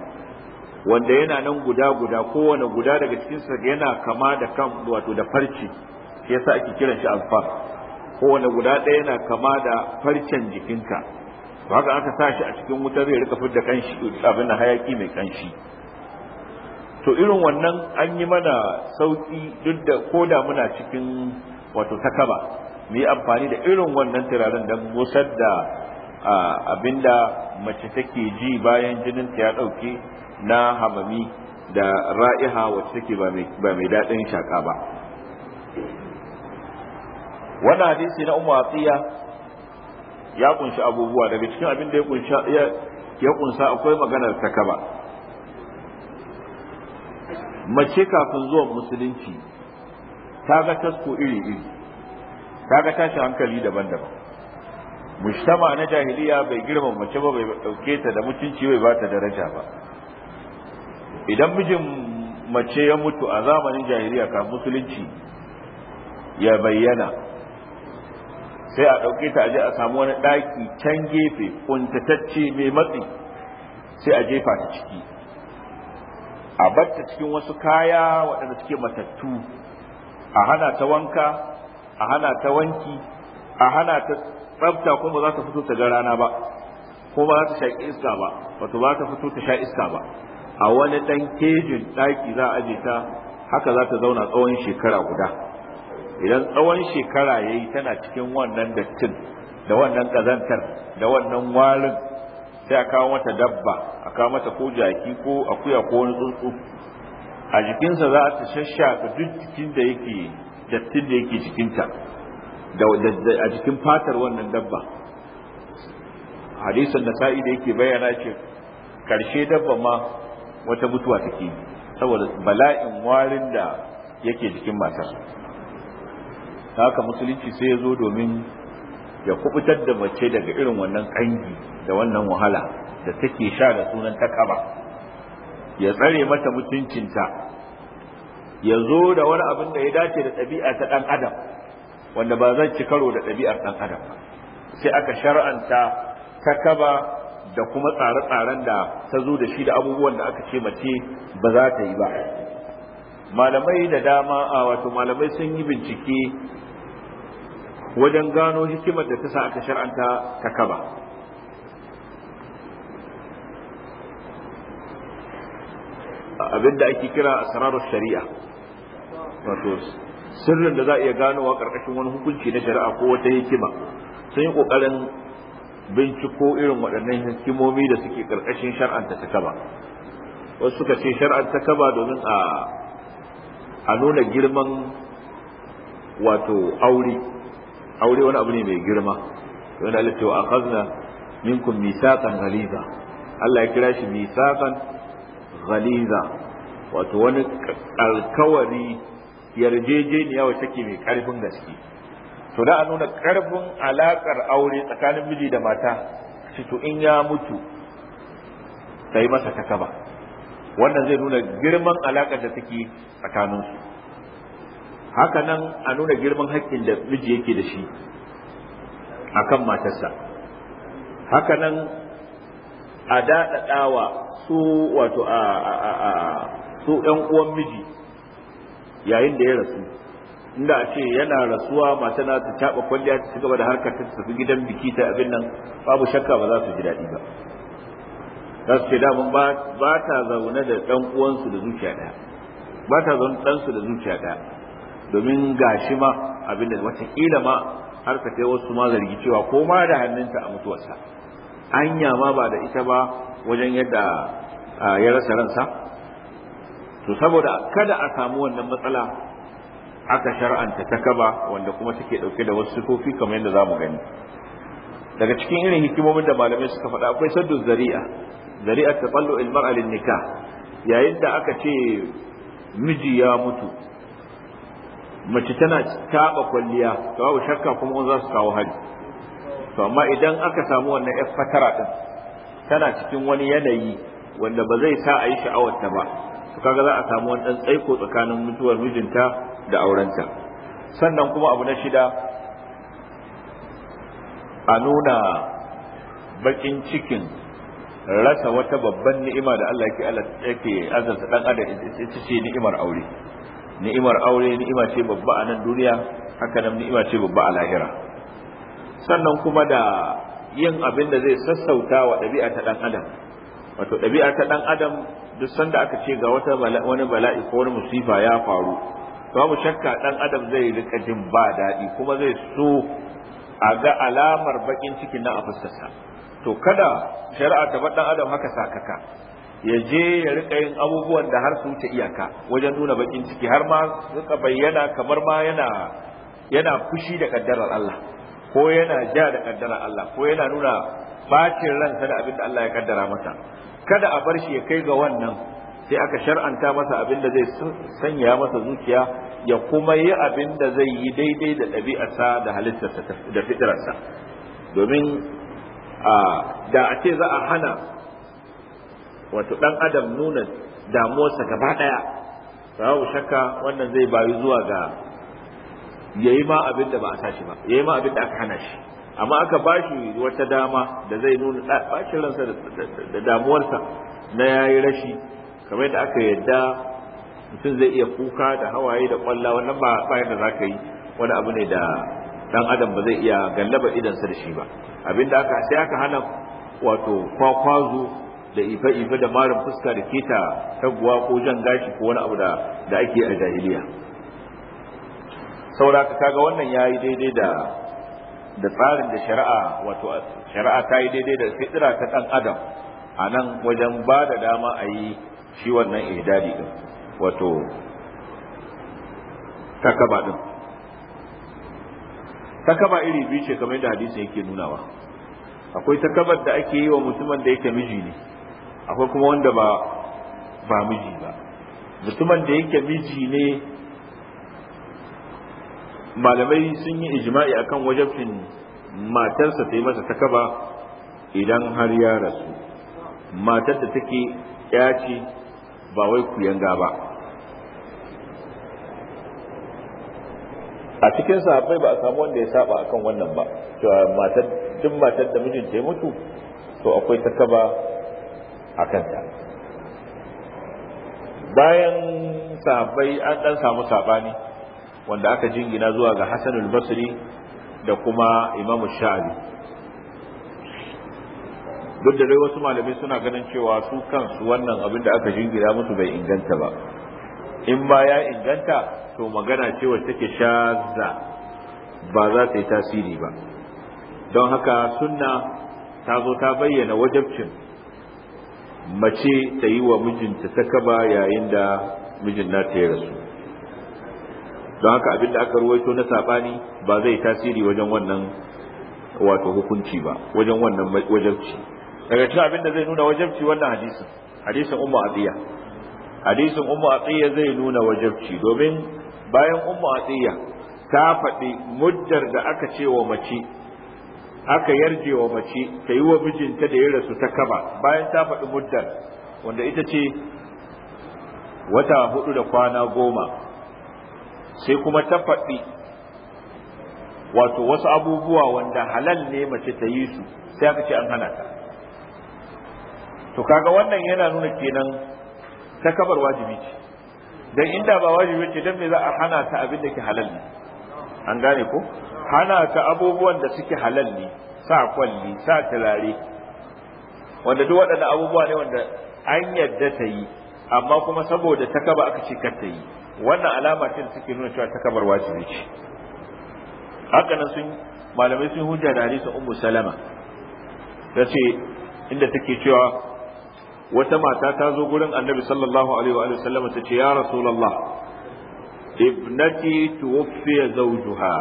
wanda yana nan guda guda kowane guda daga cikinsa yana kama da kan wato da farci ya yasa ake kiran shi alfar kowane guda ɗaya yana kama da farcen jikinka to haka aka sa shi a cikin wutar ya rika fidda kanshi abin da hayaki mai kanshi to irin wannan an yi mana sauki duk da koda muna cikin wato takaba mu yi amfani da irin wannan turaren don musar da abin da mace take ji bayan jinin ta ya ɗauke na hamami da ra'iha wacce take ba mai daɗin shaƙa ba wannan hadisi na umu atiya ya kunshi abubuwa daga cikin abin da ya kunshi ya kunsa akwai maganar takaba mace kafin zuwa musulunci ta ga tasko iri iri ta ga tashi hankali daban-daban mujtama na jahiliya bai girma mace ba bai dauke ta da mutunci bai ba ta daraja ba idan mijin mace ya mutu a zamanin jahiliya kafin musulunci ya bayyana sai a ɗauke ta aje a samu wani ɗaki can gefe kuntatacce mai matsi sai a jefa ta ciki a batta cikin wasu kaya waɗanda suke matattu a hana ta wanka a hana ta wanki a hana ta tsafta kuma za ta fito ta ga rana ba ko ba za ta shaƙi iska ba wato ba ta fito ta sha iska ba a wani ɗan kejin ɗaki za a aje ta haka za ta zauna tsawon shekara guda idan tsawon shekara ya yi tana cikin wannan dattin da wannan ƙazantar da wannan warin sai a kawo mata dabba a kawo mata ko jaki ko akuya ko wani tsuntsu a jikinsa za a shashaka duk jikin da yake dattin da yake jikinta a jikin fatar wannan dabba hadisin da sa'i da yake bayyana ce karshe dabba ma wata mutuwa take saboda bala'in warin da yake jikin matar haka musulunci sai ya zo domin ya kubutar da mace daga irin wannan kangi da wannan wahala da take sha da sunan takaba ya tsare mata mutuncinta ya zo da wani abin da ya dace da ɗabi'a ta ɗan adam wanda ba zai ci karo da ɗabi'ar ɗan adam sai aka shar'anta takaba da kuma tsare-tsaren da ta zo da shi da abubuwan da aka ce mace ba za ta yi ba malamai da dama a wato malamai sun yi bincike wajen gano hikimar da ta sa aka shar'anta ta kaba abinda ake kira asrarus shari'a wato sirrin da za a iya ganowa karkashin wani hukunci na shari'a ko wata hikima sun yi kokarin binciko irin waɗannan hikimomi da suke karkashin shar'anta ta kaba wasu suka ce shar'anta kaba domin a a nuna girman wato aure aure wani abu ne mai girma wanda Allah cewa a minkum misaqan ghaliza Allah ya kira shi misaqan ghaliza wato wani alkawari yarjejeniya wacce ke mai karfin gaske to da a nuna karfin alakar aure tsakanin miji da mata shi to in ya mutu sai masa takaba wannan zai nuna girman alaƙar da take tsakaninsu haka nan a nuna girman haƙƙin da miji yake da shi a kan matarsa haka nan a daɗaɗawa su wato a su ‘yan uwan miji yayin da ya rasu inda a ce yana rasuwa mata na ta caɓa kwalliya ta ci gaba da harkar ta tafi gidan biki ta abin nan babu shakka ba za su ji daɗi ba za su ce damun ba ta zaune da ɗan uwansu da zuciya ɗaya ba ta zaune ɗansu da zuciya ɗaya domin gashi ma abin abinda watakila ma har ka kai wasu ma zargi cewa ko ma da hannunta a mutuwarsa anya ma ba da ita ba wajen yadda ya rasa ransa to saboda kada a samu wannan matsala aka shar'anta ta kaba wanda kuma take ɗauke da wasu sifofi kamar yadda za mu gani daga cikin irin hikimomin da malamai suka faɗa akwai saddu zari'a zari'at taqallu al-mar'a lin-nikah yayin da aka ce miji ya mutu mace tana taba kwalliya to babu shakka kuma za su kawo hali. to amma idan aka samu wannan yar fatara din tana cikin wani yanayi wanda ba zai sa a yi sha'awarta ba to kaga za a samu wani ɗan tsaiko tsakanin mutuwar mijinta da aurenta sannan kuma abu na shida a nuna bakin cikin rasa wata babban ni'ima da Allah yake Allah yake azanta dan adam ita ce ni'imar aure ni'imar aure ni'ima ce babba a nan duniya haka nan ni'ima ce babba a lahira sannan kuma da yin abin da zai sassauta wa ɗabi'a ta dan adam wato ɗabi'a ta dan adam duk sanda aka ce ga wata wani bala'i ko wani musifa ya faru babu shakka dan adam zai rika jin ba daɗi kuma zai so a ga alamar baƙin ciki na a fuskarsa to kada shari'a ta bar adam haka sakaka ya je ya rika yin abubuwan da har su wuce iyaka wajen nuna bakin ciki har ma suka bayyana kamar ma yana yana fushi da kaddarar Allah ko yana ja da kaddarar Allah ko yana nuna bacin ransa da abin da Allah ya kaddara masa kada a bar shi ya kai ga wannan sai aka shar'anta masa abin da zai sanya masa zuciya ya kuma yi abin da zai yi daidai da ɗabi'arsa da halittarsa da fitararsa domin da a ce za a hana wato dan adam nuna damuwarsa gaba daya babu shakka wannan zai bayu zuwa ga yayi ma abin da ba a sashi ba yayi ma abin da aka hana shi amma aka bashi wata dama da zai nuna bacin ransa da damuwarsa na yayi rashi kamar da aka yadda mutum zai iya kuka da hawaye da kwalla wannan ba bayan da zaka yi wani abu ne da dan adam ba zai iya gallaba idansa da shi ba abinda aka sai aka hana wato kwakwazo da ifa ife da marin fuska da keta taguwa ko jan gashi ko wani abu da ake a jahiliya saboda kaga wannan ya yi daidai da tsarin da shari'a wato shari'a ta yi daidai da fitira ta ɗan adam a nan wajen ba da dama a yi shi wannan ihdadi din wato takaba din takaba iri biyu ce kamar yadda hadisin yake nunawa akwai takabar da ake yi wa mutumin da yake miji ne akwai kuma wanda ba ba miji ba mutumin da yake miji ne malamai sun yi ijma'i akan wajabcin matarsa ta yi masa takaba idan har ya rasu matar da take ya ce ba wai kuyanga ba a cikin sahabbai ba a samu wanda ya saba akan wannan ba To matar duk matar da mijinta ya mutu to akwai takaba a kanta bayan sahabbai an dan samu sabani wanda aka jingina zuwa ga Hassanul Basri da kuma Imam Shafi duk da dai wasu malamai suna ganin cewa su kansu wannan abin da aka jingina musu bai inganta ba in ba ya inganta to magana ce wacce take shazza ba za ta yi tasiri ba don haka sunna ta zo ta bayyana wajabcin mace ta yi wa mijinta ta kaba yayin da mijin ta ya rasu don haka abinda aka ruwaito na sabani ba zai tasiri wajen wannan wato hukunci ba wajen wannan wajabci daga cikin abin da zai nuna wajabci wannan hadisin hadisin ummu abiya hadisin ummu abiya zai nuna wajabci domin bayan ummu atiya ta faɗi muddar da aka ce mace aka yarje wa mace ta yi wa mijinta da ya rasu ta kaba bayan ta faɗi muddar wanda ita ce wata hudu da kwana goma sai kuma ta faɗi wato wasu abubuwa wanda halal ne mace ta yi su sai aka ce an hana ta to kaga wannan yana nuna kenan ta kabar wajibi ce dan inda ba wajibi ce dan me za a hana ta abin da ke halal ne an gane ko hana ta abubuwan da suke halal ne sa kwalli sa talare. wanda duk waɗannan abubuwa ne wanda an yadda ta yi amma kuma saboda takaba aka ce kar ta yi wannan alama ce da suke nuna cewa takabar wajibi ce haka nan sun malamai sun hujja da hadisin ummu salama da ce inda take cewa wata mata ta zo gurin annabi sallallahu alaihi wa sallama ta ce ya rasulullah ibnati tuwaffiya zawjuha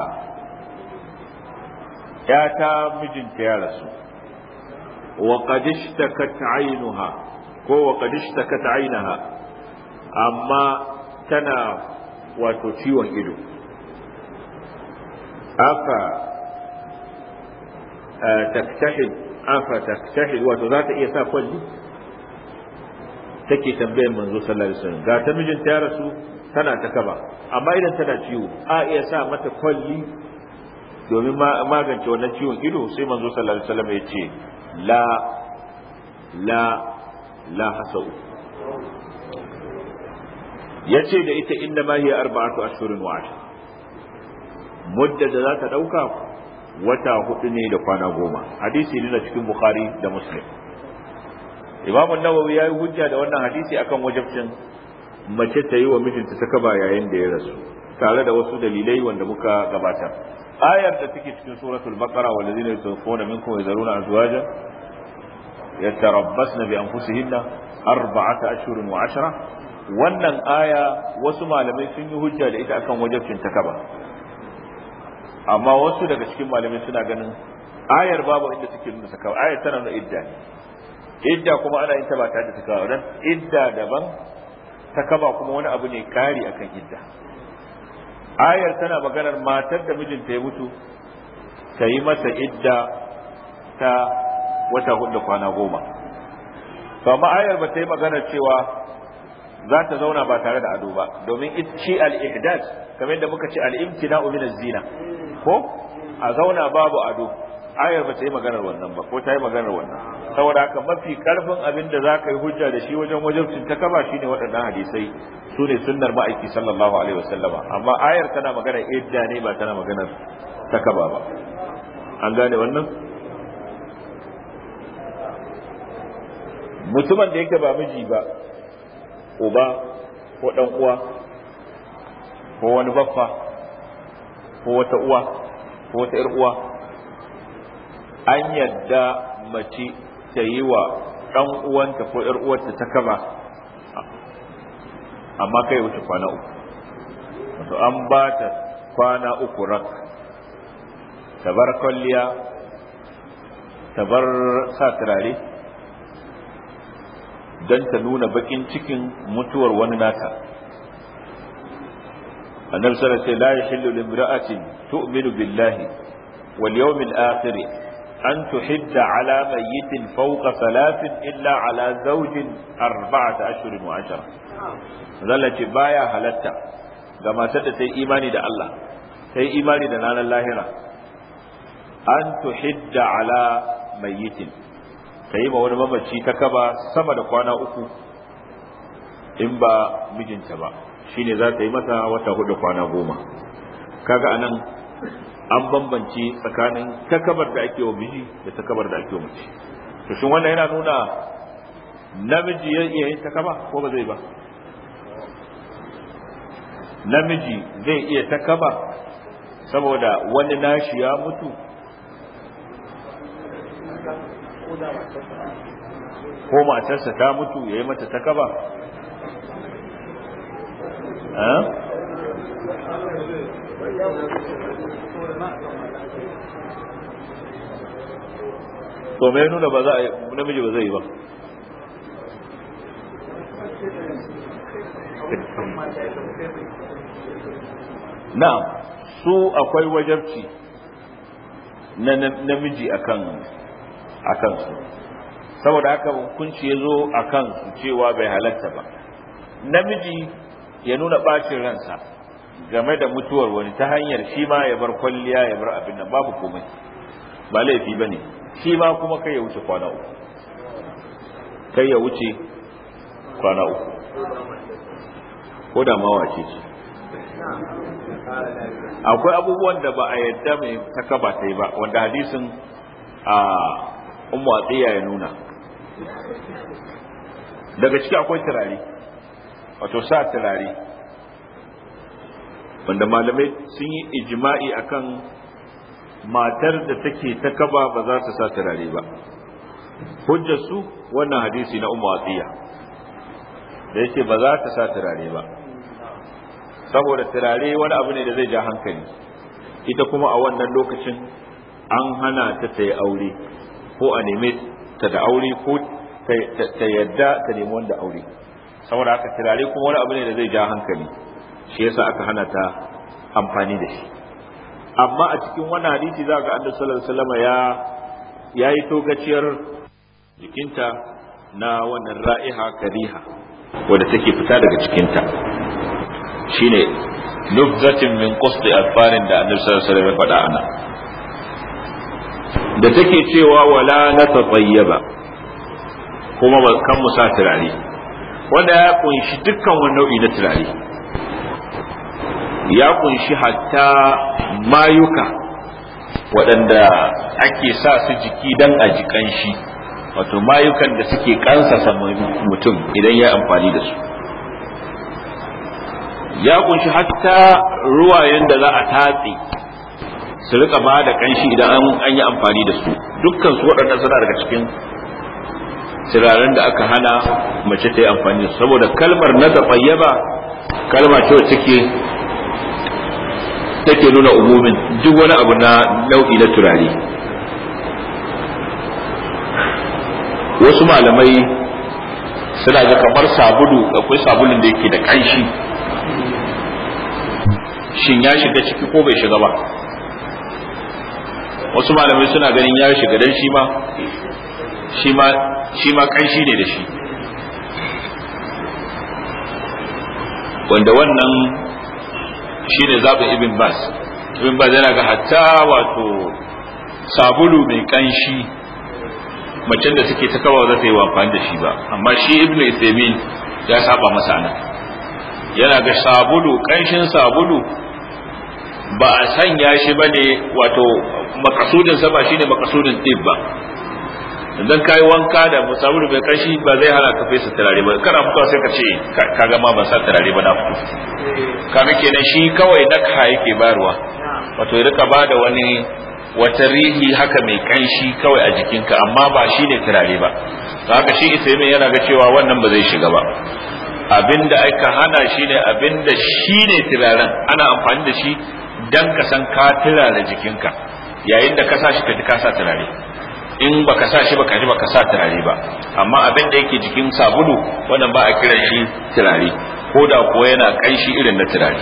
ya ta mijinta ya rasu wa qad ishtakat aynaha ko wa qad ishtakat aynaha amma tana wato ciwon ido afa eh, taktahid afa taktahid wato za ta iya sa kwalli take tambayar manzo sallallahu alaihi wasallam ga ta mijinta ya rasu tana ta kaba amma idan tana ciwo a iya sa mata kwalli domin magance wannan ciwon ido sai manzo sallallahu alaihi wasallam ya ce la la la hasau ya ce da ita inda ma hiya arba'atu a wa mudda da za ta dauka wata hudu ne da kwana goma hadisi ne na cikin bukhari da muslim imamu nawawi ya yi hujja da wannan hadisi akan wajabcin mace ta yi wa mijinta ta kaba yayin da ya rasu tare da wasu dalilai wanda muka gabata ayar da take cikin suratul baqara wal ladina yatawaffawna minkum wa yadhuruna azwaja yatarabbasna bi anfusihinna arba'ata ashhurin wa ashra wannan aya wasu malamai sun yi hujja da ita akan wajabcin ta kaba amma wasu daga cikin malamai suna ganin ayar babu inda take nuna sakawa ayar tana nuna idda idda kuma ana yin ta ba tare da takaba dan idda daban takaba kuma wani abu ne kari akan idda ayar tana maganar matar da mijinta ya mutu ta yi masa idda ta wata hudu kwana goma to amma ayar ba ta yi maganar cewa za ta zauna ba tare da ado ba domin shi al-ihdad kamar yadda muka ce al-imtina'u min az-zina ko a zauna babu ado ayar ba ta yi maganar wannan ba ko ta yi maganar wannan saboda haka mafi karfin abin da za ka yi hujja da shi wajen wajen ta kaba shine waɗannan hadisai su ne sunnar ma'aiki sallallahu alaihi wasallama amma ayar tana maganar idda ne ba tana maganar ta kaba ba an gane wannan mutumin da yake ba miji ba uba ko dan uwa ko wani baffa ko wata uwa ko wata 'yar uwa an yadda mace ta yi wa ɗan uwanta ko ‘yar uwanta ta kaba amma kai wuce kwana uku wato an ba ta kwana uku rak ta bar kwalliya ta bar sa turare don ta nuna bakin cikin mutuwar wani nata annabi sallallahu alaihi wasallam la yahillu limra'atin tu'minu billahi wal yawmil akhir an tuhidda ala mayyitin fawqa salatin illa ala arba'a arba'ata ashhurin wa ashara zalla ce baya halatta ga matar da ta yi imani da Allah ta imani da ranar lahira an tuhidda ala mayyitin ta yi ma wani mamaci ta kaba sama da kwana uku in ba mijinta ba shine za ta yi masa wata hudu kwana goma kaga anan an bambance tsakanin takabar da ake wa miji da takabar da ake wa mace to shin wannan yana nuna namiji ya iya yin takaba ko ba zai ba namiji zai iya takaba saboda wani nashi ya mutu ko matarsa ta mutu ya yi mata takaba to me nuna ba za a yi namiji ba zai yi ba Na su akwai wajabci na namiji a akan su saboda haka hukunci ya zo a kansu cewa bai halatta ba namiji ya nuna ɓacin ransa game da mutuwar wani ta hanyar shi ma ya bar kwalliya ya bar abin nan babu komai ba laifi bane shi ma kuma kai ya wuce kwana uku kai ya wuce kwana uku ko da wace ce akwai abubuwan da ba a yadda mai kaba ta yi ba wanda hadisin a umma tsiya ya nuna daga ciki akwai turare wato sa turare wanda malamai sun yi ijma'i akan matar da take ta kaba ba za ta sa turare ba hujjar su wannan hadisi na umma atiya da yake ba za ta sa turare ba saboda turare wani abu ne da zai ja hankali ita kuma a wannan lokacin an hana ta ta yi aure ko a neme ta da aure ko ta yadda ta nemi wanda aure saboda haka turare kuma wani abu ne da zai ja hankali shi yasa aka hana ta amfani da shi amma a cikin wani hadisi za ga annabi sallallahu alaihi wasallam ya yayi togaciyar jikinta na wannan ra'iha kariha wanda take fita daga cikinta shine nubzatin min qasdi alfarin da annabi sallallahu alaihi wasallam ya faɗa ana da take cewa wala natatayyiba kuma kan mu sa turare wanda ya kunshi dukkan wani nau'i na turare ya kunshi hatta mayuka waɗanda ake sa su jiki dan a jikan kanshi wato mayukan da suke kansasa mutum idan ya amfani da su ya kunshi hatta ruwayen da za a tatse su rika ba da kanshi idan an yi amfani da su dukkan su waɗannan suna daga cikin siraren da aka hana mace ta yi amfani da su saboda kalmar na kalma ce take take nuna umumin duk wani abu na nau'i na turare wasu malamai suna ga kamar sabulu akwai sabulun da yake da kanshi shin ya shiga ciki ko bai shiga ba wasu malamai suna ganin ya shiga dan shi ma shi ma kanshi ne da shi wanda wannan shine zabin ibn bas ibn bas yana ga hatta wato sabulu mai kanshi macen da suke ta kawo za yi amfani da shi ba amma shi ibn isamin ya saba masa anan yana ga sabulu kanshin sabulu ba a sanya shi ba ne wato makasudin sa ba shine makasudin tib ba idan kai wanka da musamman mai kashi ba zai hana ka fesa turare ba kana fitowa sai ka ce ka ma ba sa turare ba na fito kaga kenan shi kawai na ka yake baruwa wato ya rika bada wani wata rihi haka mai kanshi kawai a jikinka amma ba shi ne turare ba haka shi isa yana ga cewa wannan ba zai shiga ba abinda aka hana shi ne abinda shi ne turaren ana amfani da shi dan ka san ka turare jikinka yayin da ka sa shi ka ka sa turare in baka sa shi baka ji baka sa turare ba amma abin da yake jikin sabulu wannan ba a kiran shi turare ko da ko yana kanshi irin na turare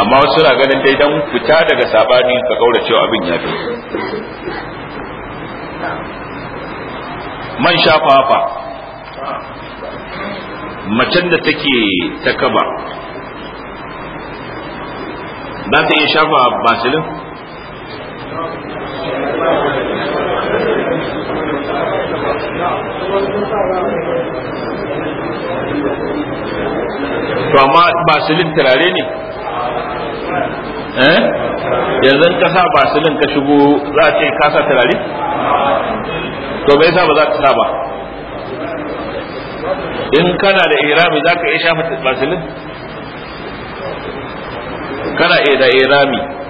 amma wasu na ganin dai dan fita daga sabani ka kaura cewa abin ya fi man shafa macen da take ta kaba za ta iya shafa basilin to amma basilin turare ne eh yanzu ka sa basilin ka shigo za a ce ka sa turare to me yasa ba za ka sa ba in kana da irami za ka iya shafa basilin kana da irami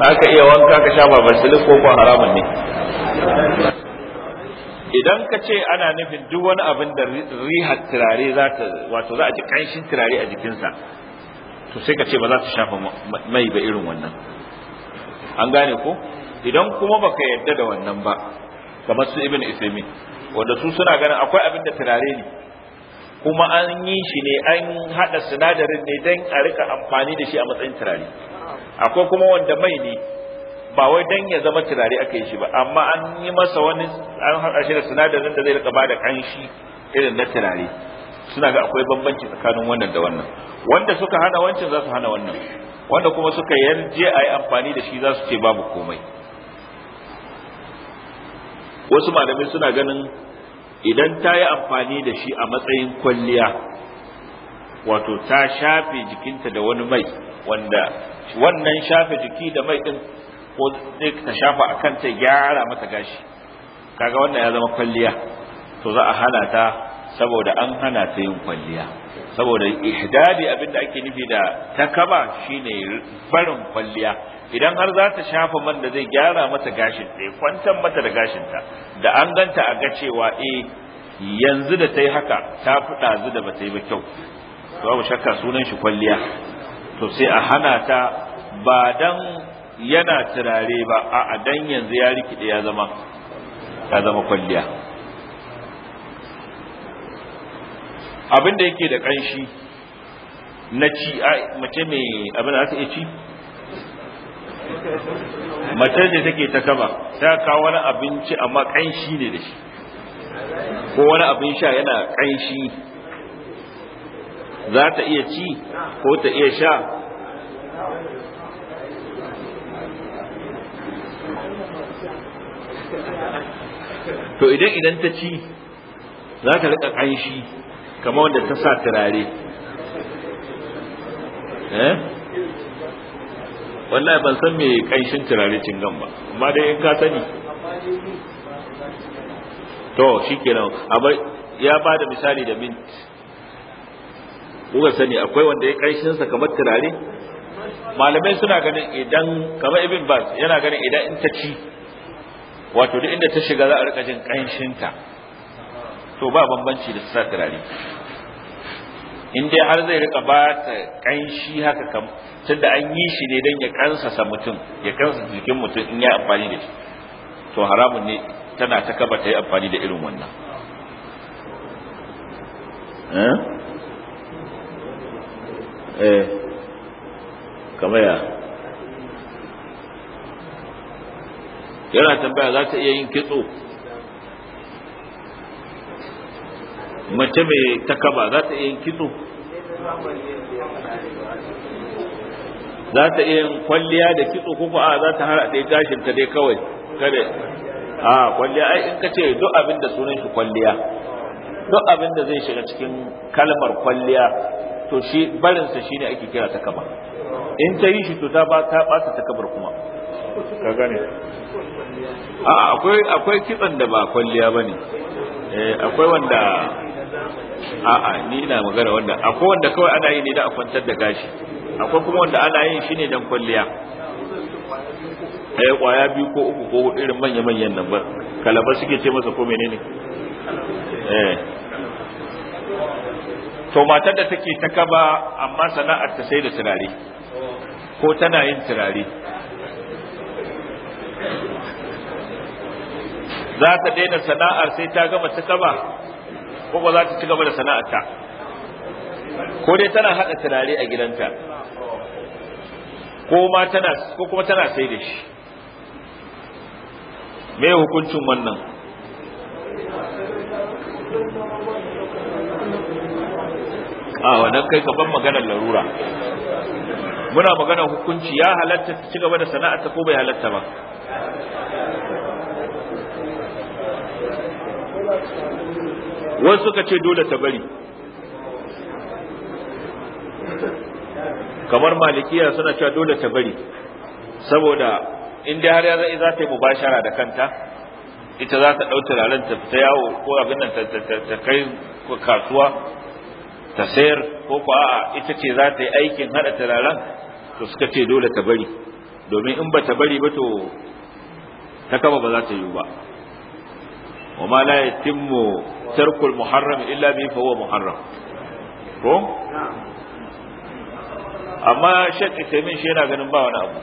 haka iya wanka ka sha babarsilin ko ko haramun ne idan ka ce ana nufin duk wani abin da rihar turare za ta wato za a ji kanshin turare a jikinsa to sai ka ce ba za ta shafa mai ba irin wannan an gane ko idan kuma baka yadda da wannan ba kamar su ibn isimi wanda su suna ganin akwai abin da turare ne kuma an yi shi ne an hada sinadarin ne don a rika amfani da shi a matsayin turare akwai kuma wanda mai ne ba wai dan ya zama turare aka yi shi ba amma an yi masa wani an haɗa shi da sinadarin da zai rika ba da kanshi irin na turare suna ga akwai bambanci tsakanin wannan da wannan wanda suka hana wancan za su hana wannan wanda kuma suka yarje ayi yi amfani da shi za su ce babu komai wasu malamai suna ganin idan ta yi amfani da shi a matsayin kwalliya wato ta shafe jikinta da wani mai wanda wannan shafe jiki da mai din ko zai ta shafa a kanta gyara mata gashi kaga wannan ya zama kwalliya to za a hana ta saboda an hana ta yin kwalliya saboda ihdadi abin da ake nufi da takaba shine barin kwalliya idan har za ta shafa man da zai gyara mata gashin ta kwantar mata da gashin ta, da an ganta a ga cewa eh yanzu da ta yi haka ta fi ɗazu da ba ta yi ba kyau babu shakka sunan shi kwalliya to sai a hana ta ba dan yana turare ba a dan yanzu ya rikide ya zama ya zama kwalliya abin da yake da kanshi na ci mace mai abin da aka iya ci mace da take ta kaba ta kawo wani abinci amma kanshi ne da shi ko wani abin sha yana kanshi za ta iya ci ko ta iya sha to idan idan ta ci za ta rika ƙanshi kamar wanda ta sa turare eh wallahi ban san me ƙanshin turare cingan ba amma dai in ka sani to ke abai ya ba da misali da mint kuka sani akwai wanda ya karshen sa kamar turare malamai suna ganin idan kamar ibn bas yana ganin idan in ta ci wato duk inda ta shiga za a rika jin kanshin ta to ba bambanci da sa turare in dai har zai rika ba ta kanshi haka kam tunda an yi shi ne don ya kansasa mutum ya kansa jikin mutum in ya amfani da shi to haramun ne tana ta kaba ta yi amfani da irin wannan eh? eh kamar ya yana tambaya za ta iya yin kitso mace mai takaba za ta iya yin kitso za ta iya yin kwalliya da kitso ko a za ta har ɗaya gashin ta dai kawai kada a kwalliya ai in ka ce duk abin da sunan shi kwalliya duk abin da zai shiga cikin kalmar kwalliya to shi barinsa sa shine ake kira takaba in ta yi shi to ta ba ta ɓata takabar kuma ka gane a akwai akwai kitsan da ba kwalliya bane eh akwai wanda a a ni ina magana wanda akwai wanda kawai ana yi ne da a kwantar da gashi akwai kuma wanda ana yin shi ne dan kwalliya eh kwaya biyu ko uku ko irin manya-manyan nan ba kalaba suke ce masa ko menene eh to matar da take ta kaba amma sana'ar ta sai da turare ko tana yin turare za ta daina sana'ar sai ta gama ta kaba ko ba za ta ci gaba da sana'arta ko dai tana haɗa turare a gidanta ko ma tana ko kuma tana sai da shi me hukuncin wannan a wannan kai gaban maganar larura muna magana hukunci ya halatta ta ci gaba da sana'a ko bai halatta ba wasu suka ce dole ta bari kamar malikiya suna cewa dole ta bari saboda in dai har ya za ta yi mubashara da kanta ita za ta ɗau turaren ta fita yawo ko abin nan ta kai kasuwa ta sayar ko ko ita ce za ta yi aikin hada turaren to suka ce dole ta bari domin in ba ta bari ba to ta kama ba za ta yi ba wa ma la yatimmu tarkul muharram illa bi fa huwa muharram ko amma shakki min shi yana ganin ba wani abu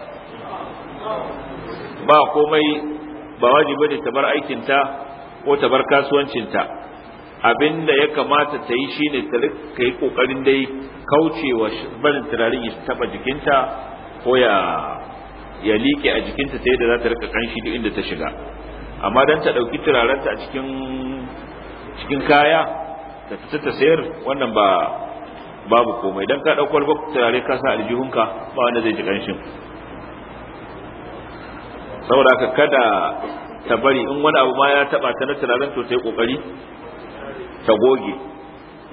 ba komai ba wajibi ne ta bar aikinta ko ta bar kasuwancinta abin da ya kamata ta yi shi ne ta yi kokarin dai kaucewa barin turarin ya taba jikinta ko ya liƙe a jikinta ta yadda za ta rika kanshi duk inda ta shiga amma don ta ɗauki turarenta a cikin cikin kaya ta fita ta sayar wannan ba babu komai don ka ɗauko albar turare ka sa aljihunka ba wanda zai ji kanshin saboda ka kada ta bari in wani abu ma ya taɓa ta na turaren to ta yi ƙoƙari ta goge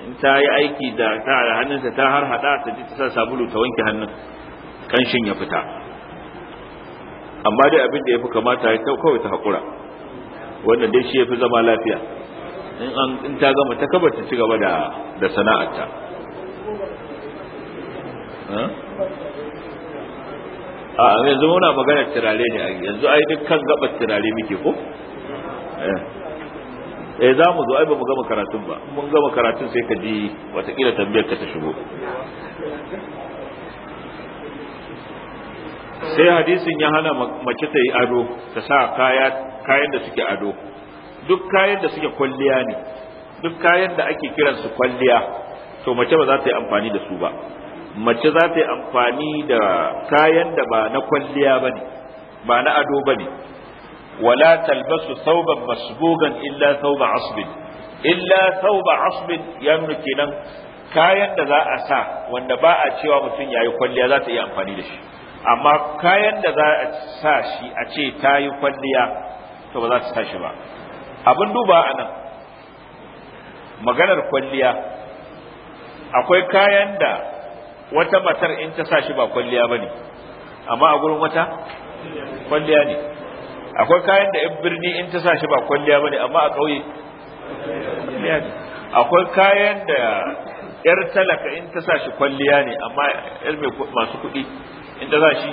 in ta yi aiki da ta da hannunta ta har hada ta ji ta sa sabulu ta wanke hannun kanshin ya fita amma dai abin da ya fi kamata ya kawai ta haƙura wannan dai shi ya fi zama lafiya in ta gama ta kabar ta ci gaba da sana'arta a yanzu muna maganar turare ne yanzu ai duk kan gabar turare muke ko eh. eh za mu zo ai ba mu gama karatun ba mun gama karatun sai ka ji watakila tambayar ka ta shigo sai hadisin ya hana mace ta yi ado ta sa kaya kayan da suke ado duk kayan da suke kwalliya ne duk kayan da ake kiran su kwalliya to mace ba za ta yi amfani da su ba mace za ta yi amfani da kayan da ba na kwalliya ba ne ba na ado ba ne wala talbasu thawban masbugan illa thawba asbin illa thawba asbin ya nuna kayan da za a sa wanda ba a cewa mutum ya yi kwalliya za ta yi amfani da shi amma kayan da za a sa shi a ce ta yi kwalliya to ba za ta sa shi ba abin duba a nan maganar kwalliya akwai kayan da wata matar in ta sa shi ba kwalliya ba ne amma a gurin wata kwalliya ne akwai kayan da yan birni in ta sa shi ba kwalliya bane amma a ƙauye akwai kayan da yar talaka in ta sa shi kwalliya ne amma yar mai masu kuɗi in ta sa shi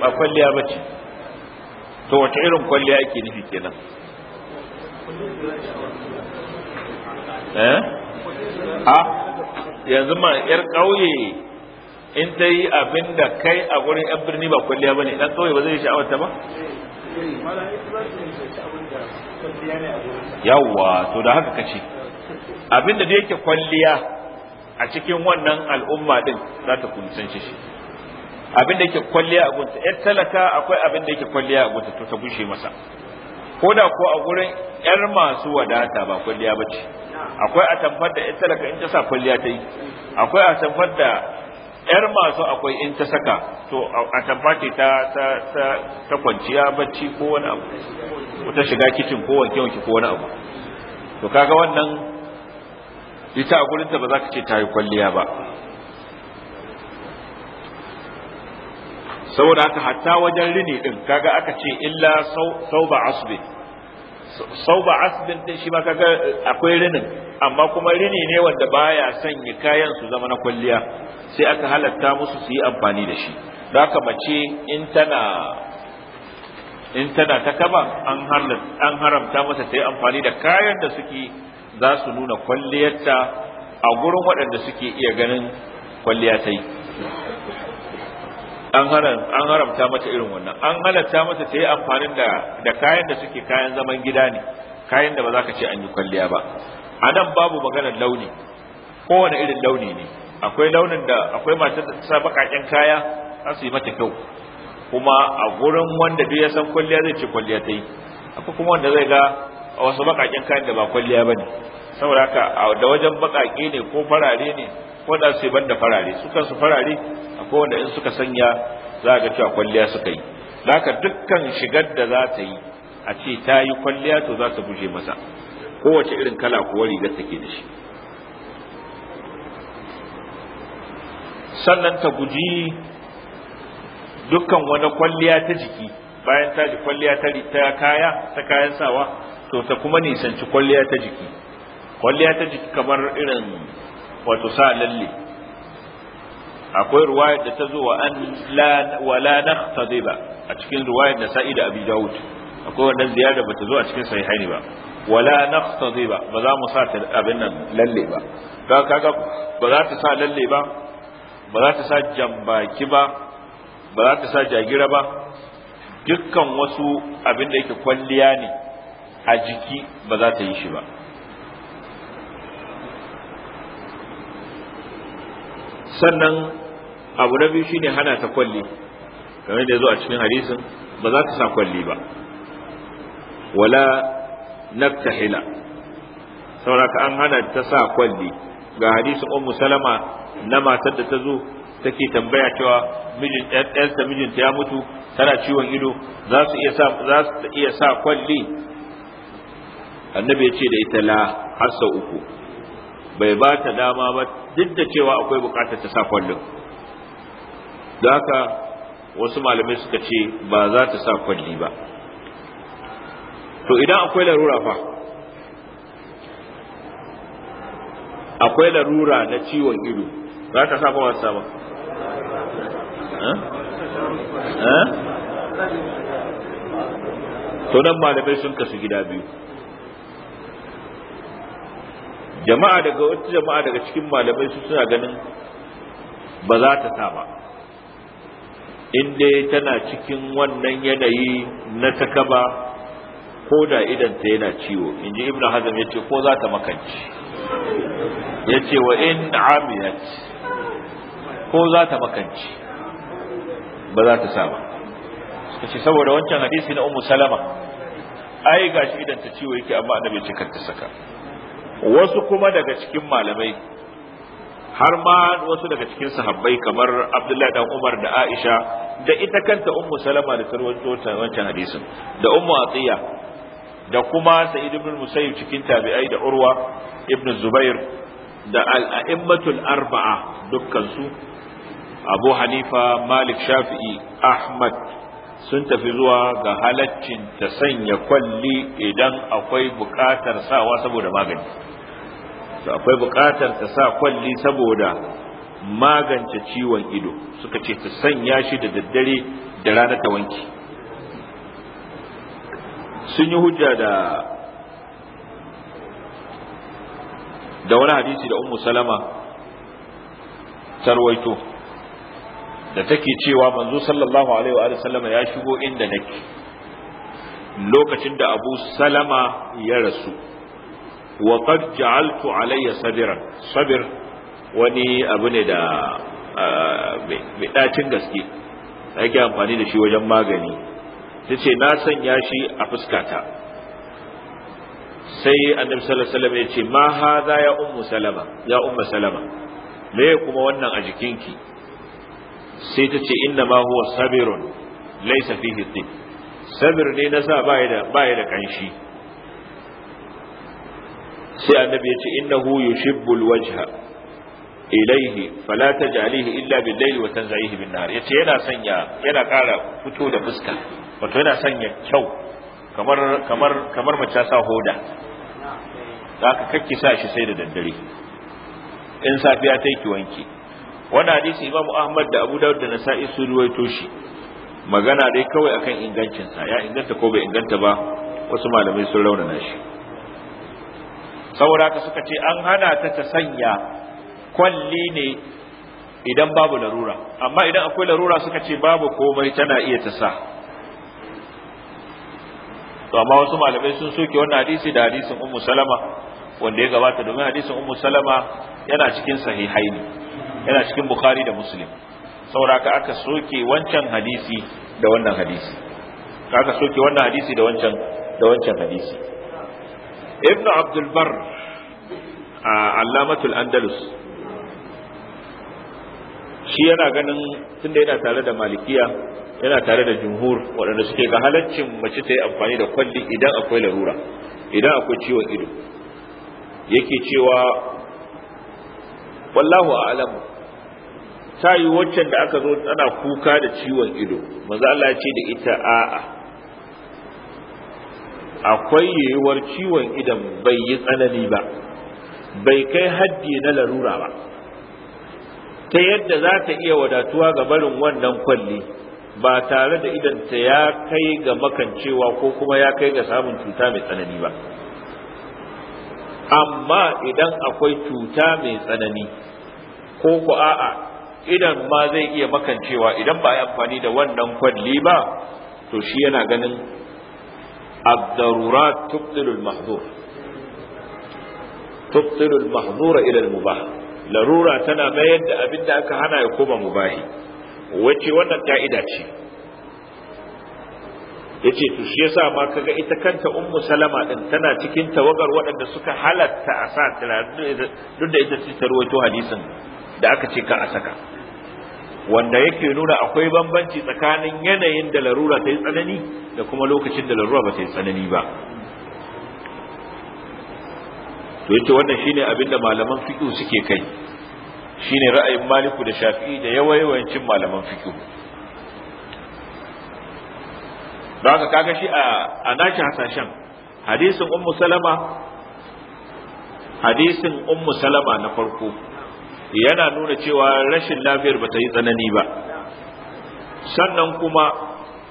ba kwalliya ba ce to wace irin kwalliya ake nufi kenan eh a ah, yanzu ma yar ƙauye in ta yi abin da kai a gurin yan birni ba kwalliya bane, dan ɗan ƙauye ba zai sha'awar ta ba yawwa to da haka kace abinda da yake kwalliya a cikin wannan al'umma din za ta kunsan shi abinda yake kwalliya a gunta yar talaka akwai abinda yake kwalliya a gunta to ta gushe masa ko da ko a gurin yar masu wadata ba kwalliya bace akwai a tamfar da yar talaka in ta sa kwalliya ta yi akwai a tamfar da yar masu akwai in ta saka to a tabbati ta ta kwanciya bacci ko wani abu ko ta shiga kicin ko wanke wanke ko wani abu to kaga wannan ita a gurin ta ba za ka ce ta yi kwalliya ba saboda haka hatta wajen rini din kaga aka ce illa sauba asbi sauba asbin din shi ma kaga eh, akwai rinin amma kuma rini ne wanda baya sanya kayan su zama na kwalliya sai aka halatta musu su yi amfani da shi ka mace in tana in tana ta kaba an haramta masa ta yi amfani da kayan da suke za su nuna kwalliyarta a gurin waɗanda suke iya ganin kwalliya ta yi an haramta mata irin wannan an halatta mata ta yi amfanin da kayan da suke kayan zaman gida ne kayan da ba za ka ce an yi kwalliya ba a nan babu maganar launi kowane irin launi ne akwai launin da akwai matar da sa bakaken kaya za su yi mata kyau kuma a gurin wanda duk ya san kwalliya zai ce kwalliya ta yi akwai kuma wanda zai ga a wasu bakaken kayan da ba kwalliya ba ne saboda haka da wajen baƙaƙe ne ko farare ne ko da sai banda farare su kansu farare akwai wanda in suka sanya za ga cewa kwalliya suka yi laka dukkan shigar da za ta yi a ce ta yi kwalliya to za ta guje masa kowace irin kala kuwa rigar take da shi sannan ta guji dukkan wani kwalliya ta jiki bayan ta ji kwalliya ta kaya ta kayan sawa to ta kuma nisanci kwalliya ta jiki kwalliya ta jiki kamar irin wato sa lalle akwai ruwayar da ta zo wa an wala ba a cikin ruwayar da sa'ida abi dawud akwai wannan ziyada bata zo a cikin sahihaini ba wala nakhtadiba ba za mu sa ta abin nan lalle ba ka kaga ba za ta sa lalle ba ba za ta sa jambaki ba ba za ta sa jagira ba dukkan wasu abin da yake kwalliya ne a jiki ba za ta yi shi ba sannan abu na biyu shine hana ta kwalli kamar da yazo a cikin hadisin ba za ta sa kwalli ba wala naftahila sauraka an hana ta sa kwalli ga hadisin ummu salama na matar da ta zo take tambaya cewa mijin mijinta ya mutu tana ciwon ido za su iya sa za su iya sa kwalli annabi ya ce da ita la har sau uku bai ba ta dama ba duk da cewa akwai bukatar ta sa kwallon da haka wasu malamai suka ce ba za ta sa kwalli ba to idan akwai larura fa akwai larura na ciwon ido za ta sa kuma sa ba eh? Eh? to nan malamai sun kasu gida biyu jama'a daga wata jama'a daga cikin malamai su suna ganin ba za ta sa ba in dai tana cikin wannan yanayi na takaba ko da idanta yana ciwo in ji ibn hazm ya ce ko za ta makanci ya ce wa in amiyat ko za ta makanci ba za ta saba suka ce saboda wancan hadisi na umu salama ai gashi idan ta ciwo yake amma annabi ce kar ta saka wasu kuma daga cikin malamai har ma wasu daga cikin sahabbai kamar Abdullahi dan Umar da Aisha da ita kanta Ummu Salama da tarwanto wancan hadisin da Ummu Atiya da kuma Sa'id ibn Musayyib cikin tabi'ai da Urwa ibn Zubair da al-a'immatul arba'a dukkan su Abu Hanifa Malik Shafi'i Ahmad sun tafi zuwa ga halaccin ta sanya kwalli idan akwai buƙatar sawa saboda magani to akwai buƙatar ta sa kwalli saboda magance ciwon ido suka ce ta sanya shi da daddare da rana ta wanki sun yi hujja da da wani hadisi da ummu salama tarwaito da take cewa manzo sallallahu alaihi wa sallama ya shigo inda nake lokacin da Abu Salama ya rasu wa qad ja'altu alayya sabira sabir wani abu ne da mai dacin gaske ake amfani da shi wajen magani tace na sanya shi a fuskata sai annabi sallallahu alaihi wasallam ya ce ma hadha ya ummu salama ya ummu salama me kuma wannan a jikinki sai ta ce inna ma huwa sabirun laysa fihi dhik sabir ne na sa bai da bai da kanshi sai annabi ya ce innahu yushibbu alwajha ilayhi fala taj'alihi illa bil layli wa tanza'ihi bin nar yace yana sanya yana kara fito da fuska wato yana sanya kyau kamar kamar kamar mace sa hoda zaka kakkisa sa shi sai da daddare in safiya ta yi ki wanki Wani hadisi imamu ahmad da abu dawud da nasa'i su ruwaito shi magana dai kawai akan ingancinsa ya inganta ko bai inganta ba wasu malamai sun raunana shi saboda haka suka ce an hana ta ta sanya kwalli ne idan babu larura amma idan akwai larura suka ce babu komai tana iya ta sa to amma wasu malamai sun soke wannan hadisi da hadisin ummu salama wanda ya gabata domin hadisin ummu salama yana cikin sahihaini yana cikin bukhari da muslim sauraka aka soke wancan hadisi da wannan hadisi aka soke wannan hadisi da wancan da wancan hadisi ibnu abdul bar a allamatul andalus shi yana ganin tunda yana tare da malikiya yana tare da jumhur waɗanda suke ga halaccin mace ta yi amfani da kwalli idan akwai larura idan akwai ciwon ido yake cewa wallahu a'lamu ta yi waccan da aka zo tana kuka da ciwon ido maza Allah ce da ita a'a akwai yiwuwar ciwon idan bai yi tsanani ba bai kai haddi na larura ba ta yadda za ta iya wadatuwa ga barin wannan kwalli ba tare da ta ya kai ga makancewa ko kuma ya kai ga samun cuta mai tsanani ba amma idan akwai cuta mai tsanani ko ku a'a idan ma zai iya makancewa idan ba a yi amfani da wannan kwalli ba to shi yana ganin Abdarura tubtilul mahzur tubtilul mahzura ila mubah larura tana mayar da abin da aka hana ya koma mubahi wace wannan ka'ida ce yace to shi yasa ma kaga ita kanta ummu salama din tana cikin tawagar waɗanda suka halatta a sa duk da ita ce ta ruwaito hadisin da aka ce ka a saka wanda yake nuna akwai bambanci tsakanin yanayin da larura ta yi tsanani da kuma lokacin da larura ba ta yi tsanani ba to yake wannan shine abin da malaman fiqh suke kai shine ra'ayin maliku da shafi'i da yawayawancin malaman fiqh don haka kaga shi a nashi hasashen hadisin ummu salama hadisin ummu salama na farko yana nuna cewa rashin lafiyar ba ta yi tsanani ba sannan kuma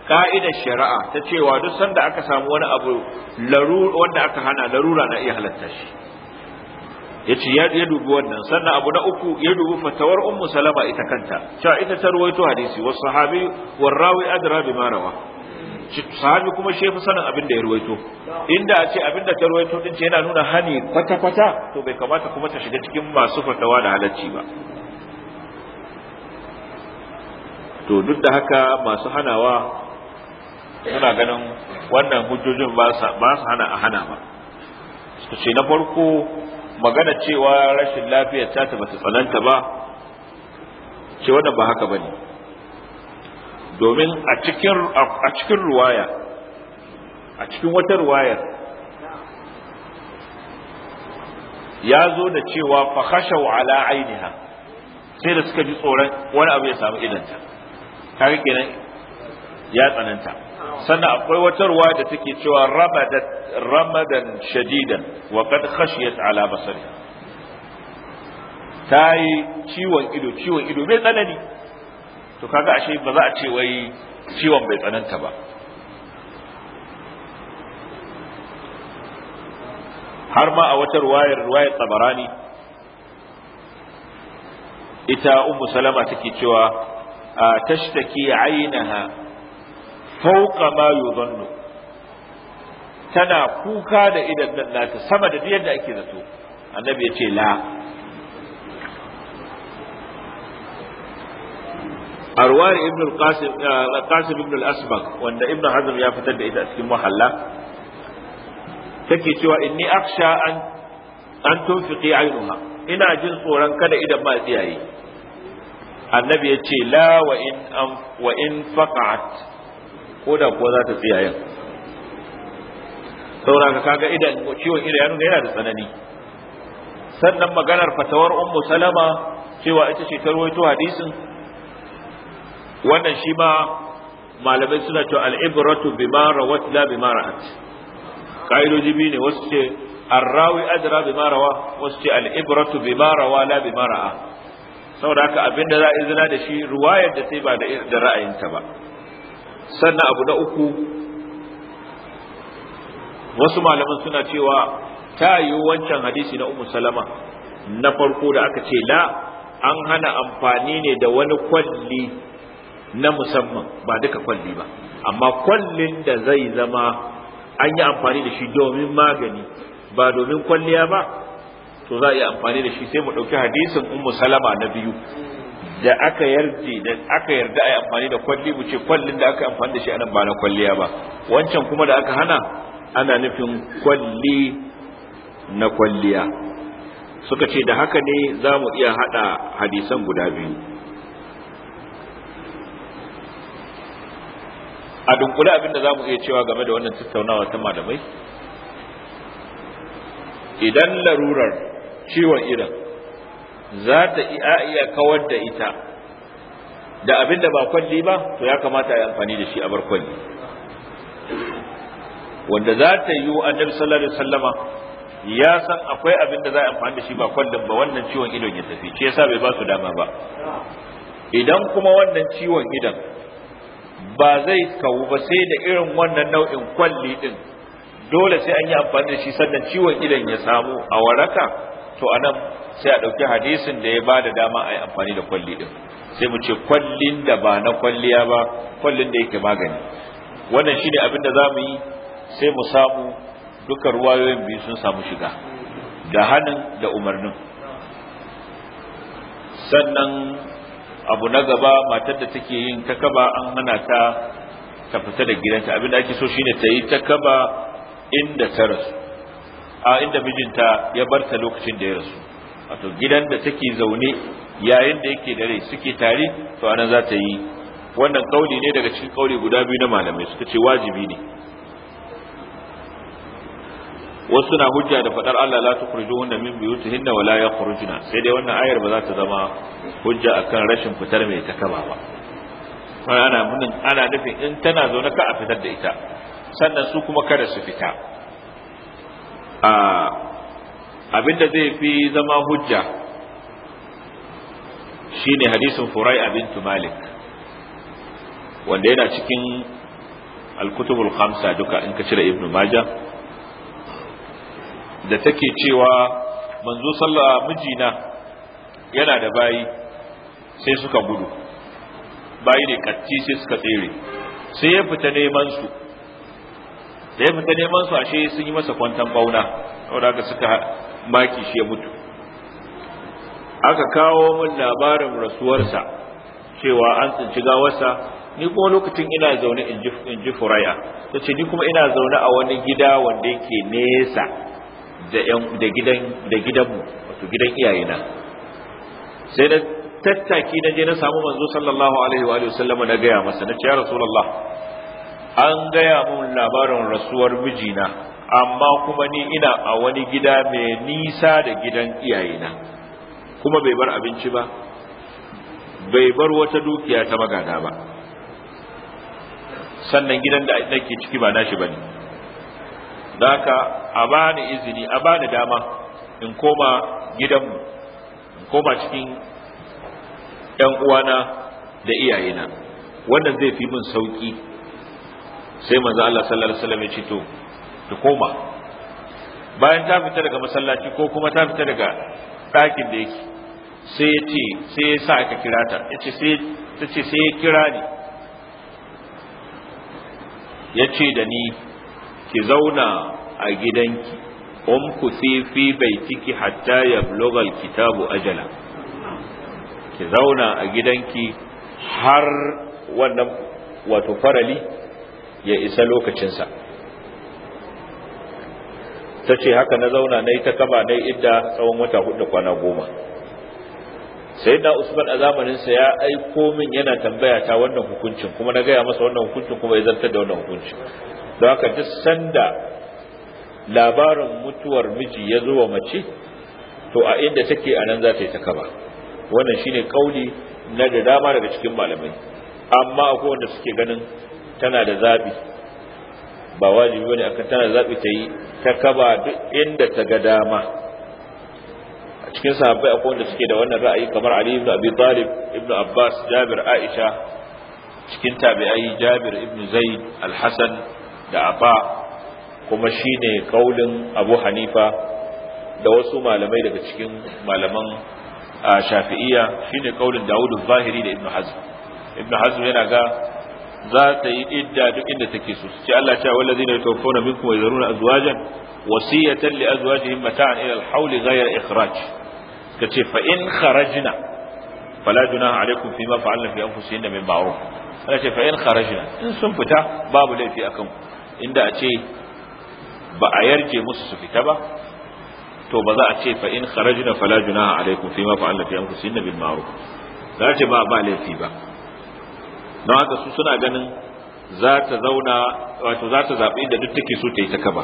ka'idar shari'a ta cewa duk sanda aka samu wani abu wanda aka hana larura na iya halatta shi ya ce ya dubi wannan sannan abu na uku ya dubi fatawar ummu salama ita kanta cewa ita ta ruwaito hadisi wasu sahabi warrawi adra bi marawa sahabi kuma shi fi sanin abin da ya ruwaito inda a ce abin da ta ruwaito din ce yana nuna hani kwata kwata to bai kamata kuma ta shiga cikin masu fatawa da halarci ba to duk da haka masu hanawa suna ganin wannan hujjojin ba su hana a hana ba su ce na farko magana cewa rashin lafiyar ta ta tsananta ba ce wannan ba haka ba ne. domin a cikin a cikin ruwaya a cikin wata ruwayar ya zo da cewa fa wa ala ainiha sai da suka ji tsoron wani abu ya samu idanta kaga kenan ya tsananta sannan akwai wata ruwa da take cewa ramadat ramadan shadidan wa qad khashiyat ala basari. ta yi ciwon ido ciwon ido mai tsanani to kaga ashe ba za a ce wai ciwon bai tsananta ba har ma a wata ruwayar ruwayar tsabarani ita ummu salama take cewa a tashtaki ainiha fauka ma yuzannu tana kuka da idan nan nata sama da yadda ake zato annabi ya ce la arwar ibn al-qasim uh, qasim ibn al-asbaq wanda ibn hazm ya fitar da ita a cikin muhalla take cewa inni aksha an an tunfiqi aynuha ina jin tsoron kada idan ma tsiyaye annabi ya ce la wa in wa in faqat ko da kuwa za ta tsiyaye saboda kaga idan ciwon idan yana da tsanani sannan maganar fatawar ummu salama cewa ita ce ta rawaito hadisin wannan shi ma malamai suna cewa al'ibratu bima rawat la bima ra'at ka'idoji biyu ne wasu ce arrawi adra bima rawa wasu ce al'ibratu bima rawa la bima ra'a saboda haka abin da za a izina da shi ruwayar da sai ba da ra'ayinta ba sannan abu na uku wasu malaman suna cewa ta yi wancan hadisi na ummu salama na farko da aka ce la an hana amfani ne da wani kwalli na musamman ba duka kwalli ba amma kwallin da zai zama an yi amfani da shi domin magani ba domin kwalliya ba to za a yi amfani da shi sai mu ɗauki hadisin ummu salama na biyu da aka yarda da aka yarda a yi amfani da kwalli mu ce kwallin da aka amfani da shi anan ba na kwalliya ba wancan kuma da aka hana ana nufin kwalli na kwalliya suka ce da haka ne za mu iya haɗa hadisan guda biyu a dunkule abin da za mu iya cewa game da wannan tattaunawa ta malamai idan larurar ciwon idan za ta iya kawar da ita da abin da ba kwalli ba to ya kamata a yi amfani da shi a bar kwalli wanda za ta yi wa annabi sallallahu alaihi wasallama ya san akwai abin da za a amfani da shi ba kwallon ba wannan ciwon idon ya tafi shi yasa bai ba su dama ba idan kuma wannan ciwon idan. ba zai kawo ba sai da irin wannan nau'in kwalli din dole sai an yi amfani da shi sannan ciwon idan ya samu a waraka to anan sai a ɗauki hadisin da ya ba da dama a yi amfani da kwalli din sai mu ce kwallin da ba na kwalliya ba kwallin da yake magani wannan shi ne abin da za mu yi sai mu samu duka ruwayoyin biyu sun samu shiga da hannun da umarnin sannan abu na gaba matar da take yin takaba an hana ta ta fita da gidanta abin da ake so shine ta yi takaba inda ta rasu a inda mijinta ya bar ta lokacin da ya rasu wato gidan da take zaune yayin da yake da rai suke tare to anan za ta yi wannan kauli ne daga cikin kauli guda biyu na malamai suka ce wajibi ne wasu na hujja da fadar Allah la tukhrijuhunna min buyutihinna wa la sai dai wannan ayar ba za ta zama hujja akan rashin fitar mai takaba ba ana munin ana nufin in tana zaune ka a fitar da ita sannan su kuma kada su fita a abinda zai fi zama hujja shine hadisin Furai bintu Malik wanda yana cikin al-kutubul khamsa duka in ka cire Ibn Majah da take cewa manzo sallah mijina yana da bayi sai suka gudu bayi ne katti sai suka tsere sai ya fita neman su da ya fita neman su ashe sun yi masa kwantan bauna saboda haka suka maki shi ya mutu aka kawo min labarin rasuwarsa cewa an tsinci gawarsa ni kuma lokacin ina zaune in ji furaya ta ni kuma ina zaune a wani gida wanda yake nesa da gidan da gidanmu wato gidan iyayena sai na tattaki na je na samu manzo sallallahu alaihi wa sallama na gaya masa na ce ya rasulullah an gaya mun labarin rasuwar mijina amma kuma ni ina a wani gida mai nisa da gidan iyayena kuma bai bar abinci ba bai bar wata dukiya ta magana ba sannan gidan da nake ciki ba nashi bane Zaka a bani izini a bani dama in koma gidanmu in koma cikin ‘yan uwana da iyayena wannan zai fi min sauƙi sai manzo Allah sallallahu alaihi wasallam ya ce to ta koma bayan ta fita daga masallaci ko kuma ta fita daga ɗakin da yake sai ya ce sai ya sa aka kira ta yace sai tace sai ya kira ni yace ce da ni ki zauna a gidanki ku fi baitiki hatta blogal kitabu ajala ki zauna a gidanki har wannan wato farali ya isa lokacinsa ta ce haka na zauna na yi ta kama na idda tsawon wata hudu kwana goma sai da usman a zamaninsa ya aiko min yana tambaya ta wannan hukuncin kuma na gaya masa wannan hukuncin kuma ya zartar da wannan hukuncin don haka duk sanda labarin mutuwar miji ya zo wa mace to a inda take a nan za ta yi ta kaba wannan shine kauli na da dama daga cikin malamai amma akwai wanda suke ganin tana da zabi ba wajibi bane akan tana da zabi ta yi ta kaba duk inda ta ga dama a cikin sahabbai akwai wanda suke da wannan ra'ayi kamar Ali ibn Abi Talib ibn Abbas Jabir Aisha cikin tabi'ai Jabir ibn Zaid Al-Hasan da afa kuma shine kaulin abu hanifa da wasu malamai daga cikin malaman shafi'iyya shine kaulin dawudu zahiri da Ibn hazm Ibn hazm yana ga za ta yi idda duk inda take so ce Allah ta wallazi ne to kauna minkum wa yaruna azwajan wasiyatan li azwajihim mata'an ila al-hawl ghayra ikhraj kace fa in kharajna fala junaha alaykum fima fa'alna fi anfusihinna min ma'ruf Allah ce fa in kharajna in sun fita babu laifi akan ku inda a ce ba a yarje musu su fita ba to ba za a ce fa in kharajna fala junaha alaikum fima fa'alna fi anfusihinna bil ma'ruf za ce ba ba laifi ba don haka su suna ganin za ta zauna wato za ta zaɓi da duk take so ta yi ta kaba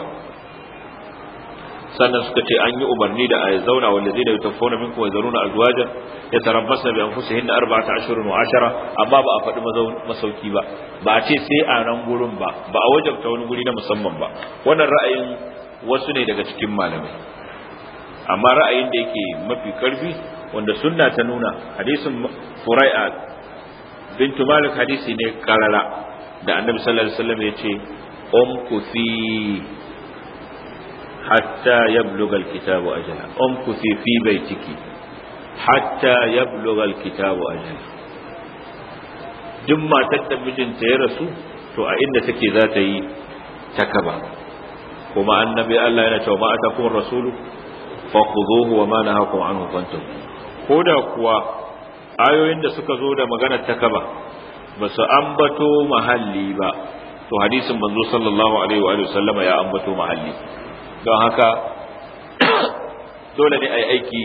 sannan suka ce an yi umarni da a zauna wanda zai da ta fona min kuma zaruna zuwajen ya tarabbasa fusa anfusihin da ta ashirin wa ashara amma ba a faɗi masauki ba ba a ce sai a nan gurin ba ba a wajen ta wani guri na musamman ba wannan ra'ayin wasu ne daga cikin malamai amma ra'ayin da yake mafi karfi wanda sunna ta nuna hadisin furai'a bintu malik hadisi ne karara da annabi sallallahu alaihi wasallam ya ce umkuthi hatta yabluga alkitabu ku fifi bai ciki, hatta yabluga alkitabu ajala duk matar da mijinta ya rasu to a inda take za ta yi ta kaba, kuma annabi Allah yana cewa ma atakum rasulu fakhuzuhu wa ma nahakum anhu fantahu koda kuwa ayoyin da suka zo da magana ta kaba, ba su ambato mahalli ba to hadisin manzo sallallahu alaihi wa sallama ya ambato mahalli don haka dole ne a yi aiki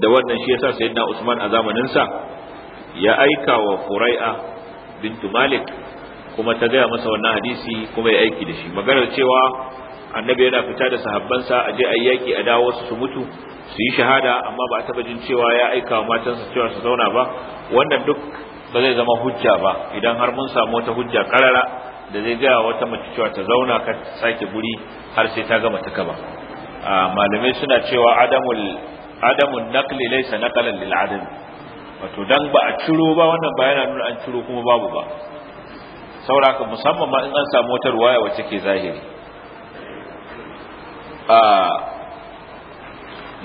da wannan shi yasa sayyidina Usman a zamaninsa ya aika wa Furai'a bintu Malik kuma ta gaya masa wannan hadisi kuma ya aiki da shi maganar cewa annabi yana fita da sahabbansa a je ayi yaki a dawo su mutu su yi shahada amma ba a taba jin cewa ya aika wa matansa cewa su zauna ba wannan duk ba zai zama hujja ba idan har mun samu wata hujja karara da zai gaya wata mace cewa ta zauna ka sake guri har sai ta gama ta kaba malamai suna cewa adamul adamun naqli laysa naqalan lil adam wato dan ba a ciro ba wannan ba yana nuna an ciro kuma babu ba sauraka musamman ma in an samu wata waya wacce ke zahiri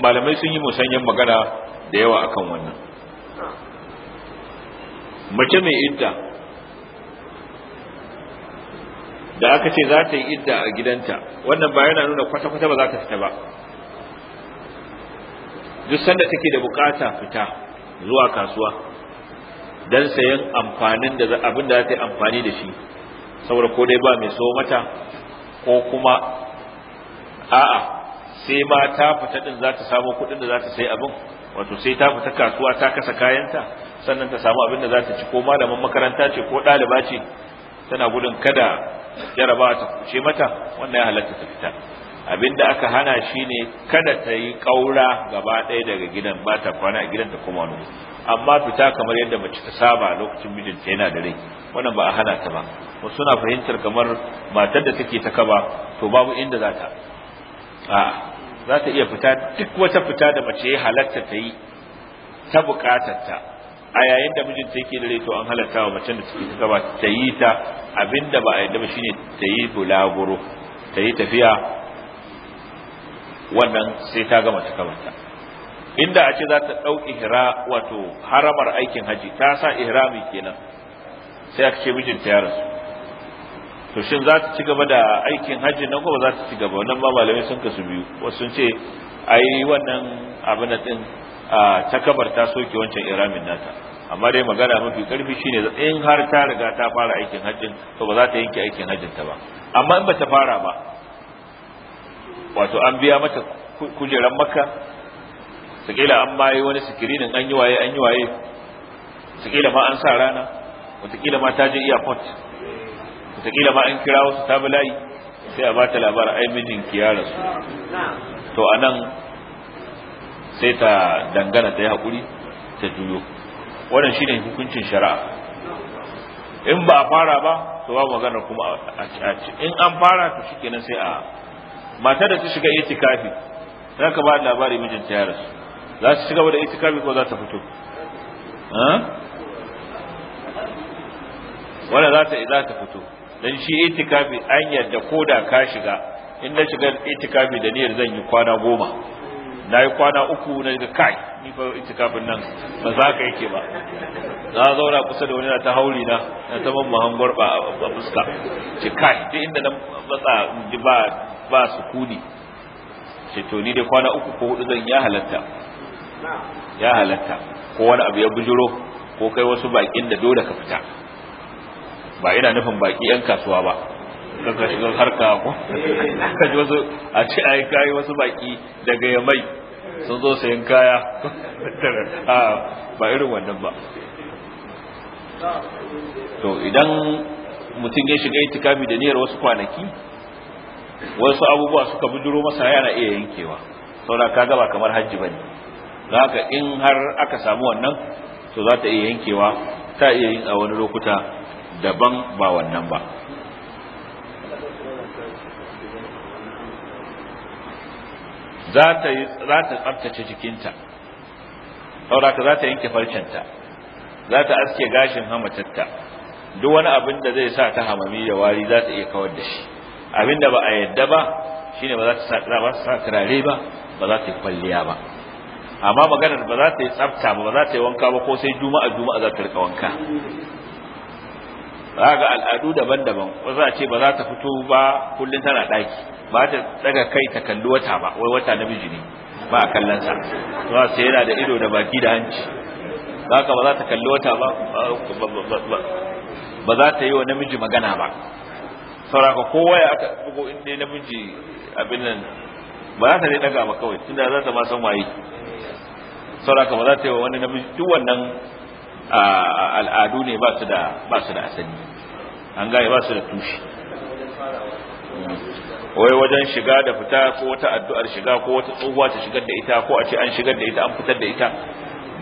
malamai sun yi musanyen magana da yawa akan wannan mace mai idda da aka ce za ta yi idda a gidanta wannan ba yana nuna kwata-kwata ba za ta fita ba duk sanda take da bukata fita zuwa kasuwa don sayan amfanin da abin da za ta yi amfani da shi saboda ko dai ba mai so mata ko kuma a'a sai ma ta fita din za ta samu kuɗin da za ta sayi abin wato sai ta fita kasuwa ta kasa kayanta sannan ta samu abin da za ta ci ko malaman makaranta ce ko ɗaliba ce tana gudun kada jaraba ta kuce mata wannan ya halatta ta fita abinda aka hana shine kada ta yi kaura gaba ɗaya daga gidan ba ta kwana a gidan ta kuma wani amma fita kamar yadda mace ta saba lokacin mijinta yana da rai wannan ba a hana ta ba wasu suna fahimtar kamar matar da take ta kaba to babu inda za ta a za ta iya fita duk wata fita da mace ya halatta ta yi ta bukatar ta a yayin da mijinta yake da rai to an halarta wa macen da take gaba ta yi ta abinda ba a yadda ba shine ta yi bulaguro ta yi tafiya wannan sai ta gama ta kamata inda a ce za ta ɗau ihra wato haramar aikin haji ta sa ihrami kenan sai aka ce mijinta ya rasu to shin za ta ci gaba da aikin haji nan ko ba za ta ci gaba wannan ba malamai sun kasu biyu wasu sun ce ai wannan abin din ta kabar ta soke wancan iramin nata amma dai magana mafi karfi shine in har ta riga ta fara aikin hajjin to ba za ta yanke aikin hajjin ta ba amma in ba ta fara ba wato an biya mata kujeran makka sakila an bayi wani sikirinin an yi waye an yi waye sakila ma an sa rana watakila ma ta je iya airport watakila ma an kira wasu tabulayi, sai a bata labar ai mijinki ya rasu to anan sai ta dangana ta yi haƙuri ta juyo wannan shine hukuncin shari'a in ba a fara ba to ba magana kuma a ci in an fara to kenan sai a mata da ta shiga itikafi za ka ba labari mijinta ya rasu za su shiga da itikafi ko za ta fito wanda za ta za ta fito dan shi itikafi an yadda ko da ka shiga in na shiga itikafi da niyyar zan yi kwana goma na yi kwana uku na daga kai ni fa itikafin nan ba za ka yake ba na zauna kusa da wani na ta hauli na na ta man mahangwar ba a fuska ce kai duk inda na matsa ji ba ba kuni ce to ni dai kwana uku ko hudu zan ya halatta ya halatta ko wani abu ya bujuro ko kai wasu bakin da dole ka fita ba ina nufin baki yan kasuwa ba kan ka shiga harka ko A ce wasu a ce ai kai wasu baki daga yamai sun zo sayan kaya ba irin wannan ba to idan mutum ya shiga itikafi da niyyar wasu kwanaki wasu abubuwa suka bujuro masa yana iya yankewa saura kaga ba kamar hajji bane haka in har aka samu wannan to za ta iya yankewa ta iya yin a wani lokuta daban ba wannan ba za ta yi ta jikinta saboda za ta yanke farcenta za ta aske gashin hamatarta duk wani abin da zai sa ta hamami da wari za ta iya kawar da shi abin da ba a yadda ba shine ba za ta sa turare ba ba za ta yi kwalliya ba amma maganar ba za ta yi tsabta ba ba za ta yi wanka ba ko sai juma'a juma'a za ta rika wanka za ga al'adu daban-daban wasu a ce ba za ta fito ba kullum tana ɗaki ba ta daga kai ta kalli wata ba wai wata namiji ne ba a sa za su yana da ido da baki da hanci za ka ba za ta kalli wata ba ba za ta yi wa namiji magana ba sauraka kowa ya aka bugo inda namiji abin nan ba za ta dai daga ba kawai tunda za ta ma san waye sauraka ba za ta yi wa wani namiji duk wannan al'adu ne ba su da asali an gane ba su da tushe wai wajen shiga da fita ko wata addu'ar shiga ko wata tsohuwa ta shigar da ita ko a ce an shigar da ita an fitar da ita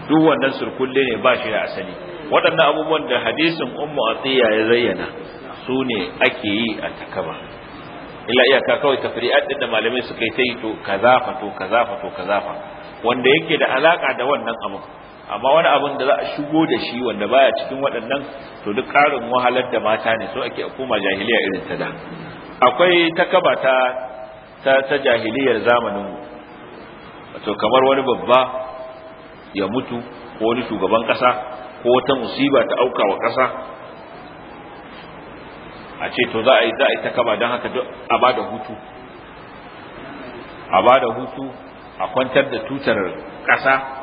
duk wannan surkulle ne ba shi da asali waɗannan abubuwan da hadisin ummu atiya ya zayyana su ne ake yi a takaba illa iyaka kawai tafri'at din da malamai suka yi ta yi to kaza fa to kaza fa to kaza fa wanda yake da alaka da wannan abu amma wani abin da za a shigo da shi wanda baya cikin waɗannan to duk ƙarin wahalar da mata ne so ake koma jahiliya irin ta da akwai takaba ta ta jahiliyar zamanin wato kamar wani babba ya mutu ko wani shugaban ƙasa ko wata musiba ta auka wa ƙasa a ce to za a yi za a don haka a ba hutu a ba hutu a kwantar da tutar ƙasa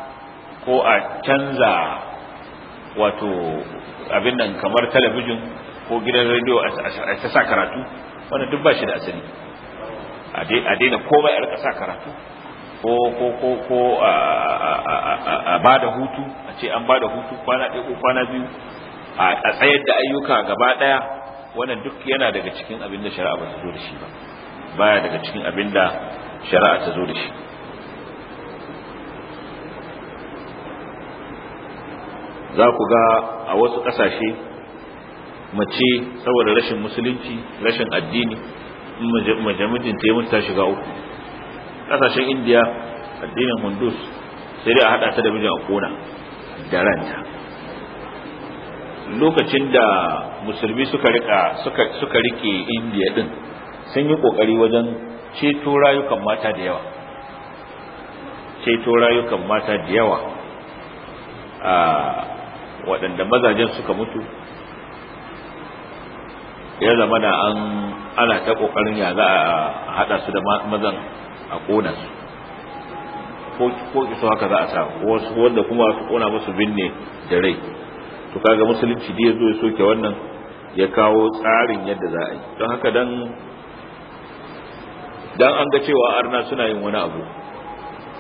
ko a canza wato abin nan kamar talabijin ko gidan rediyo a ta sa karatu wannan duk ba shi da asali a daina komai a rika sa karatu ko ko ko ko a ba da hutu a ce an ba da hutu kwana ɗaya ko kwana biyu a tsayar da ayyuka gaba ɗaya wannan duk yana daga cikin abin da shari'a ba ta zo da shi ba baya daga cikin abin da shari'a ta zo da shi za ku ga a wasu ƙasashe mace saboda rashin musulunci rashin addini mace ta yi mutu ta shiga uku ƙasashen indiya addinin hundus sai dai a haɗa ta da mijin a kona da ranta lokacin da musulmi suka rika rike indiya din sun yi ƙoƙari wajen ceto rayukan mata da yawa ceto rayukan mata da yawa ah, waɗanda mazajen suka mutu ya zama da an ana ta ƙoƙarin ya za a haɗa su da mazan a ƙona su ko so haka za a sa wasu wanda kuma su ƙona musu binne da rai to kaga musulunci da ya zo ya soke wannan ya kawo tsarin yadda za a yi don haka dan dan an ga cewa arna suna yin wani abu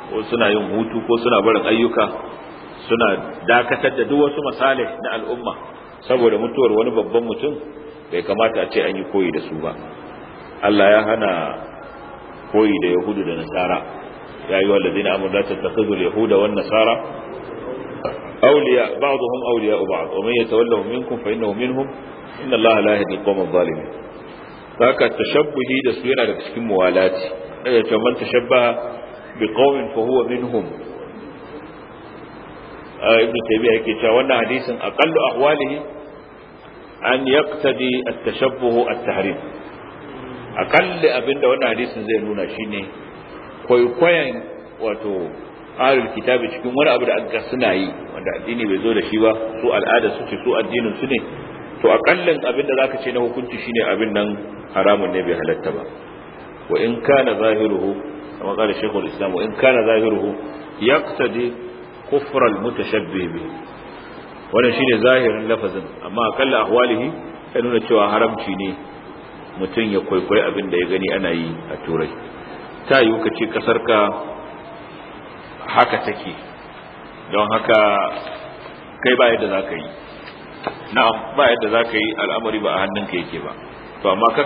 ko suna yin hutu ko suna barin ayyuka suna dakatar da duk wasu masalih na al'umma saboda mutuwar wani babban mutum bai kamata a ce an yi koyi da su ba Allah ya hana koyi da yahudu da nasara ya yi wallazi na amur zata ta kuzul yahuda wan nasara awliya ba'dhum awliya ba'd wa man yatawallahu minkum fa innahu minhum inna Allah la yahdi al-qawma adh-dhalimin zaka tashabbuhi da su yana da cikin muwalati da eh, man tashabbaha bi qawmin fa huwa minhum ibnu taymiya yake cewa wannan hadisin aqallu ahwalihi an yaqtadi at-tashabbuh at-tahrim aqalli abinda wannan hadisin zai nuna shine kwaikwayon wato ahlul kitabi cikin wani abu da aka suna yi wanda addini bai zo da shi ba su al'ada su ce su addinin su ne to aqallin abinda zaka ce na hukunci shine abin nan haramun ne bai halatta ba wa in kana zahiruhu kama kala shaykhul islam wa in kana zahiruhu yaqtadi kufral mutashabbih bi wannan shine zahirin lafazin amma akalla ahwalihi ya nuna cewa haramci ne mutum ya kwaikwayi abin da ya gani ana yi a turai ta yi ka ce kasarka haka take don haka kai ba yadda za ka yi na'am ba yadda za ka yi al'amari ba a hannunka yake ba to amma ka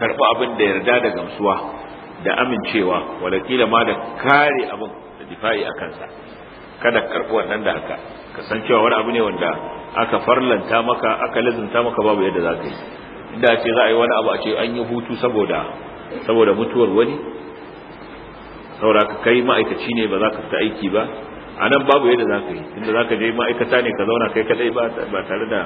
karɓi abin da yarda da gamsuwa da amincewa walakila ma da kare abin da difa'i a kansa kada ka karɓi wannan da haka ka san cewa wani abu ne wanda aka farlanta maka aka lazimta maka babu yadda za ka yi inda ce za a yi wani abu a ce an yi hutu saboda saboda mutuwar wani saboda ka kai ma'aikaci ne ba za ka fita aiki ba a nan babu yadda za ka yi inda za ka je ma'aikata ne ka zauna kai kadai ba tare da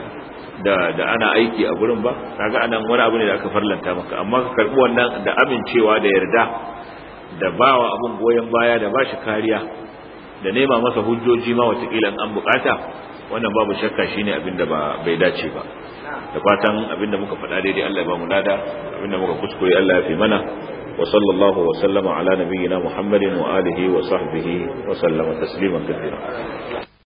da ana aiki a gurin ba kaga anan wani abu ne da aka farlanta maka amma ka karɓi wannan da amincewa da yarda da bawa abun goyon baya da bashi kariya da nema masa hujjoji ma watakila an bukata wannan babu shakka shine abin da bai dace ba da fatan abin da muka faɗa daidai Allah ya ba mu lada abin da muka kuskure Allah ya fi mana wa sallallahu wa sallama ala nabiyyina Muhammadin wa alihi wa sahbihi wa sallama tasliman kathira